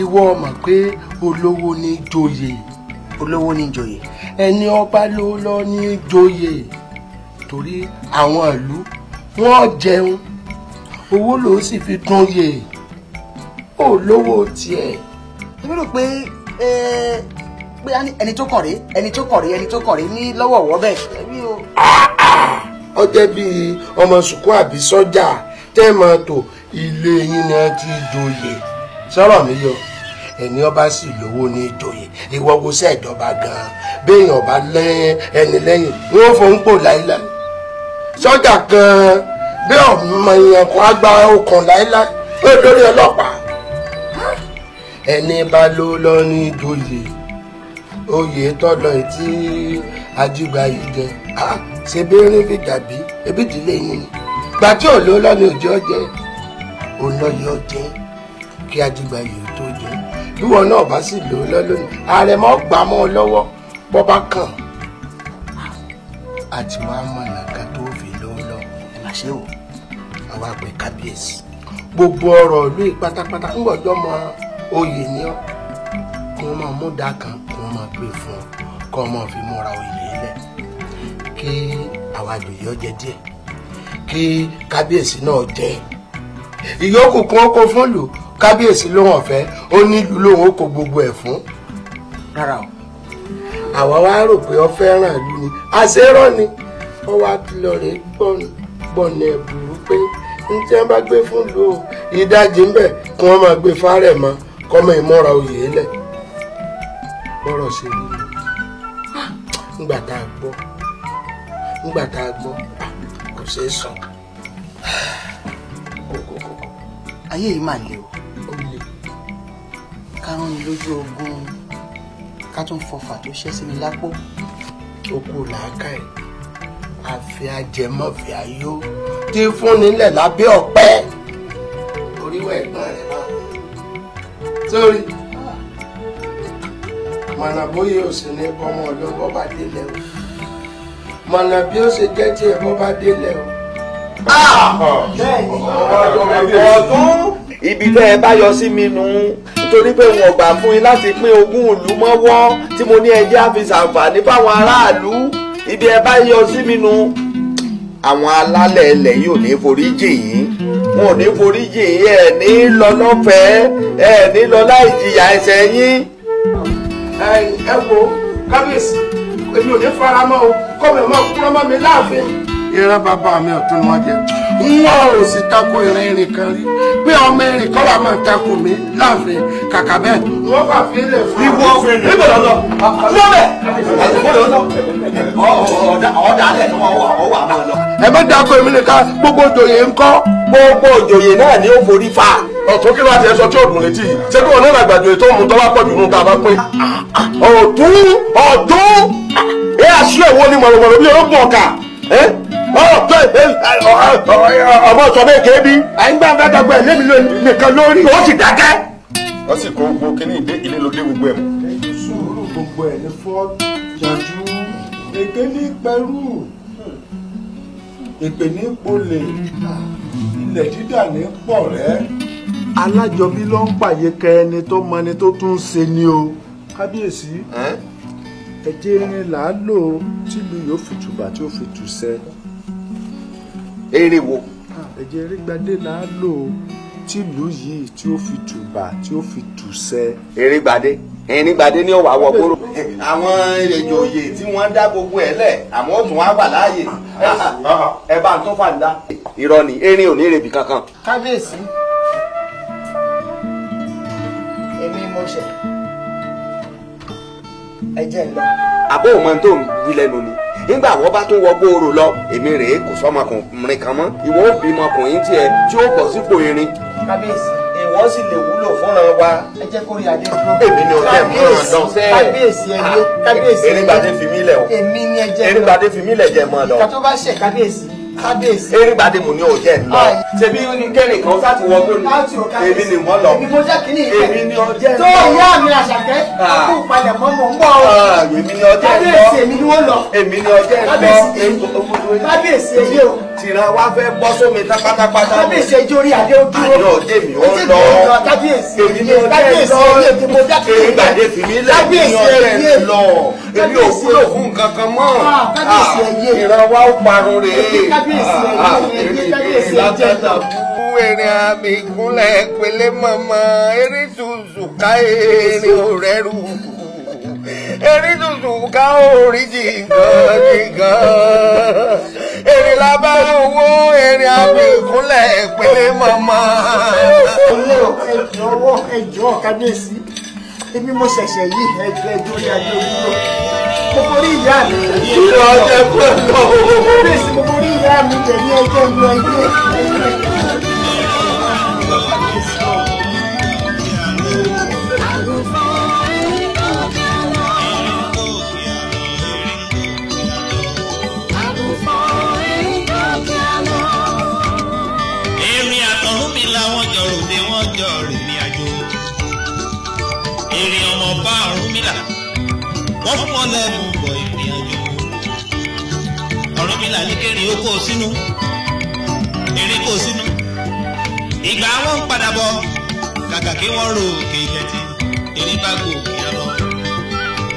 ìwọ mọ̀ pé olówó ní joyè. olówó ní joyè ẹni ọba ló lọ ní joyè torí àwọn ìlú wọn jẹun owó ló sì fi dún yè ó lówó tiẹ̀. èmi rò pé pé ẹni tó kàn rí ẹni tó kàn rí ẹni tó kàn rí ní lọ́wọ́ ọ̀wọ́ bẹ́ẹ̀. ó jẹ́ bíi ọmọ sùkú àbí sọ́jà tẹ́ẹ̀mọ́tò ilé yín ni wọ́n ti joyè sọ̀rọ̀ mi yọ ẹni ọba sì lówó ní ìjòyè ìwọ wo sẹ ìjọba gan béèyàn ọba lẹ́yìn ẹni lẹ́yìn wọn fò ń pò láíláí sọ́jà kan bí ọmọ èèyàn kan á gba okùn láíláí pé lórí ọlọ́pàá ẹni bá ló lọ ní ìjòyè oyè tọdọ etí ajígba yìí jẹ ah, ṣe béèrè fìjà bí ebi ìdílé yìí gbàtí òun ló lọ ní òjò jẹ òun lọ yọ jẹ kí ajígba yìí bí wọn náà bá sì lò ó lọ́lọ́nà ààrẹ mọ́ gbà mọ́ ọ lọ́wọ́ bọ́ bá kàn àti wàá mọ̀nà ká tó fi lọ́ọ́ lọ ẹ̀ máa ṣe o àwa pé kábíyèsí gbogbo ọ̀rọ̀ ìlú ìpátápátá ń gbọ́dọ̀ mọ oyè ní ọ kí wọ́n máa mú dáa kan kí wọ́n máa gbé fún ọ kí wọ́n máa fi múra oyè lẹ̀ kí àwa àjòyè ọ díẹ̀ kí kábíyèsí náà jẹ ìyókù kún kó fún lù kábíyèsí ló hàn fẹ́ ó nílùú lòun gbogbo ẹ̀ fún o àwa wá rò pé ọ fẹ́ràn ìlú ni àṣẹ́rọ̀ ni wọ́n wá lọ rè gbọ̀nà ẹ̀bùrú pé ní tí wọ́n bá gbé fún lu ìdajì ń kí wọ́n máa gbé fárẹ̀ a kárùn ni lójú ogun ká tún fọfà tó ṣẹ́ sí mi lápò okú làákà ẹ̀ àfi ajẹmọ́fì ayó tí fúnni lẹ̀ lábẹ́ ọ̀pẹ́ oríwọ̀ ẹ̀gbọ́n rẹ̀ náà sórí mọ̀nàbóyè ò ní kọ́mọ ló bọ́ bá délẹ̀ o mọ̀nà bí ó ṣe jẹ́ tí bọ́ bá délẹ̀ o. Ah! ibi tẹ́ ẹ bá yọ sí mi nù ún nítorí pé wọn gbà fún yín láti pín ogún ìlú mọ́wọ́ tí mo ní ẹjẹ́ àfisàǹfààní fáwọn aráàlú ibi ẹ bá yọ sí mi nù àwọn alálẹ̀ ilẹ̀ yìí ò ní forí jì yín wọn ò ní forí jì yín ẹ̀ ní lọ lọ́fẹ̀ẹ́ ẹ̀ ní lọ láì jìyà ẹ̀ṣẹ̀ yín. ẹ wo kábíyèsí èmi ò ní fara mọ́ o kọ́ mi ò máa kúrọ́ mọ́ mi láàfin. ìran bàbá mi ò tún wọn jẹ wọn ò sì tako ìrìn ìrìn kan rí pé ọmọ ìrìn kọ́ wa máa tako mi láàfin kàkà bẹ́ẹ̀ wọ́n fà fílẹ̀ fún mi. ìwọ ìbò lọ́lọ́ lọ́bẹ̀ ìbò lọ́lọ́ ọ̀dàlẹ̀ ọwọ́ àmọ́ lọ. ẹ bá dako èmi nìkan gbogbo òjòyè ń kọ́. gbogbo òjòyè náà ni ó forí fa. ọ̀tún kí ló ti ẹ sọ tí òògùn létí yìí ṣé kí wọn náà làgbàdo ètò òun tó bá pọ̀ jù nù tá a bá pín. ọ̀tún ọ̀tún ẹ àṣìlẹ̀ wo ni mọ̀rọ̀mọ̀rọ̀ bí ológun ọ̀kà ọmọ sọ bẹ́ẹ̀ kébi àyíngbà fẹ́ dàgbà ẹ̀ lémi nìkan lórí ó sì dákẹ́. wọ́n sì kó gbogbo kínní ìdé ilé ló dé gbogbo ẹ̀. sùúrù gbogbo ẹ̀ ní fọ́ jàjú èké ní pẹ́rù èpè ní polè ilẹ̀ dídà ní pọ̀ rẹ́. alájọbí ló ń pàyè kẹ ẹni tó mọ ẹni tó tún ń ṣe ni o kábíyèsí ẹ̀jẹ̀ irin làá lò tìlú yóò fi tùbà tí ó fi tù sẹ́ eré wo. ẹ̀jẹ̀ erégbadé là á lò tìlú yìí tí ó fi tùbà tí ó fi tùsẹ. erégbadé erégbadé ní ọ̀wà wọ kóró. àwọn ìjòyè tí wọ́n dá gbogbo ẹ̀ lẹ̀ àmọ́ ó tún wá wà láàyè ẹ bá ń tó fàǹdà. irọ́ ni erin ò ní èrèbì kankan. kábíyèsí èmi mo ṣe ẹ jẹ́ ń lọ. àbó òun máa ń tó wí lẹ́nu ni nígbà wọ́n bá tún wọ gbòòrò lọ èmi rèé kò sọmọkùnrin kan mọ́ ìwọ ó bímọ ọkùnrin tiẹ̀ tí ó bọ̀ sípò irin. kábíyèsí èèwọ̀ sì lè wúlò fúnra wa ẹ jẹ́ kó rí adé dúró. èmi ni ọ̀tẹ̀ mi ràn dán. kábíyèsí ẹ̀yẹ kábíyèsí ẹ̀yẹ eringbadé fi mí lẹ̀ o. èmi ni ẹ jẹ́ lọ eringbadé fi mí lẹ̀ jẹ́ mọ́ lọ. ìkà bá ṣe kábíyèsí kábíyèsí. erigbade mo ní ọjẹ ń lọ ah. ṣebí kẹ́nì kan sáà ti wọ tó ní èmi ni wọ́n lọ èmi mo jẹ́ kínní ìfẹ́ èmi ni ọjẹ́ ń lọ. tó ìyá mi àṣàkẹ́ ah. kó padà mọ́ mọ́ ń bọ̀ ọ́. Ah, èmi ni ọjẹ́ ń lọ kábíyèsí èmi ni wọ́n lọ. èmi ni ọjẹ́ ń lọ kábíyèsí èmi o. tìrà wa fẹ́ bọ́ sómi pátápátá. kábíyèsí ẹjọ́ orí adé ó dúró. àjọ òde mi ó lọ kábíyèsí èmi ni ọjẹ́ ń lọ erigbade fi mi lẹ́ èmi ni ọjẹ́ ń èmi ò wúlò fún nǹkan ìlàjàdà fún erin àmì ìkúnlẹ̀ pẹ̀lẹ́ mọ̀mọ́ erin tuntun ká erin ò rẹ́rù erin tuntun ká orí jìngàn jìngàn erin lábá owó erin àmì ìkúnlẹ̀ pẹ̀lẹ́ mọ̀mọ́. ẹjọ́ ọwọ́ ẹjọ́ kábíyèsí ẹbí mo ṣẹ̀ṣẹ̀ yí ẹjọ́ ẹjọ́ ní adé ojúlọ mo borí ìyá mi. ìlú ọjọ́ pẹ̀ pọ̀. kábíyèsí mo borí ìyá mi tẹ̀lé ẹjẹ́ ń lọ ilé. jọ rò ní wọ́n jọ rìnrìn àjò èrè ọmọ bá Ọ̀rúnmìlà kọ́fúnmọ́ lẹ́nu bọ̀ ìgbìyànjú. ọ̀rọ̀ mi là ní kérin ó kó sínú erin kó sínú. ìgbà wọn ń padà bọ̀ kàkà kí wọ́n ro òkè ìlẹ̀tì erin bá gbó òkè ọlọ.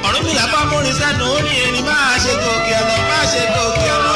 ọ̀rọ̀ mi là bá múrin sẹ́nu ó ní erin máa ṣe gòkè ọlọ máa ṣe gòkè ọlọ.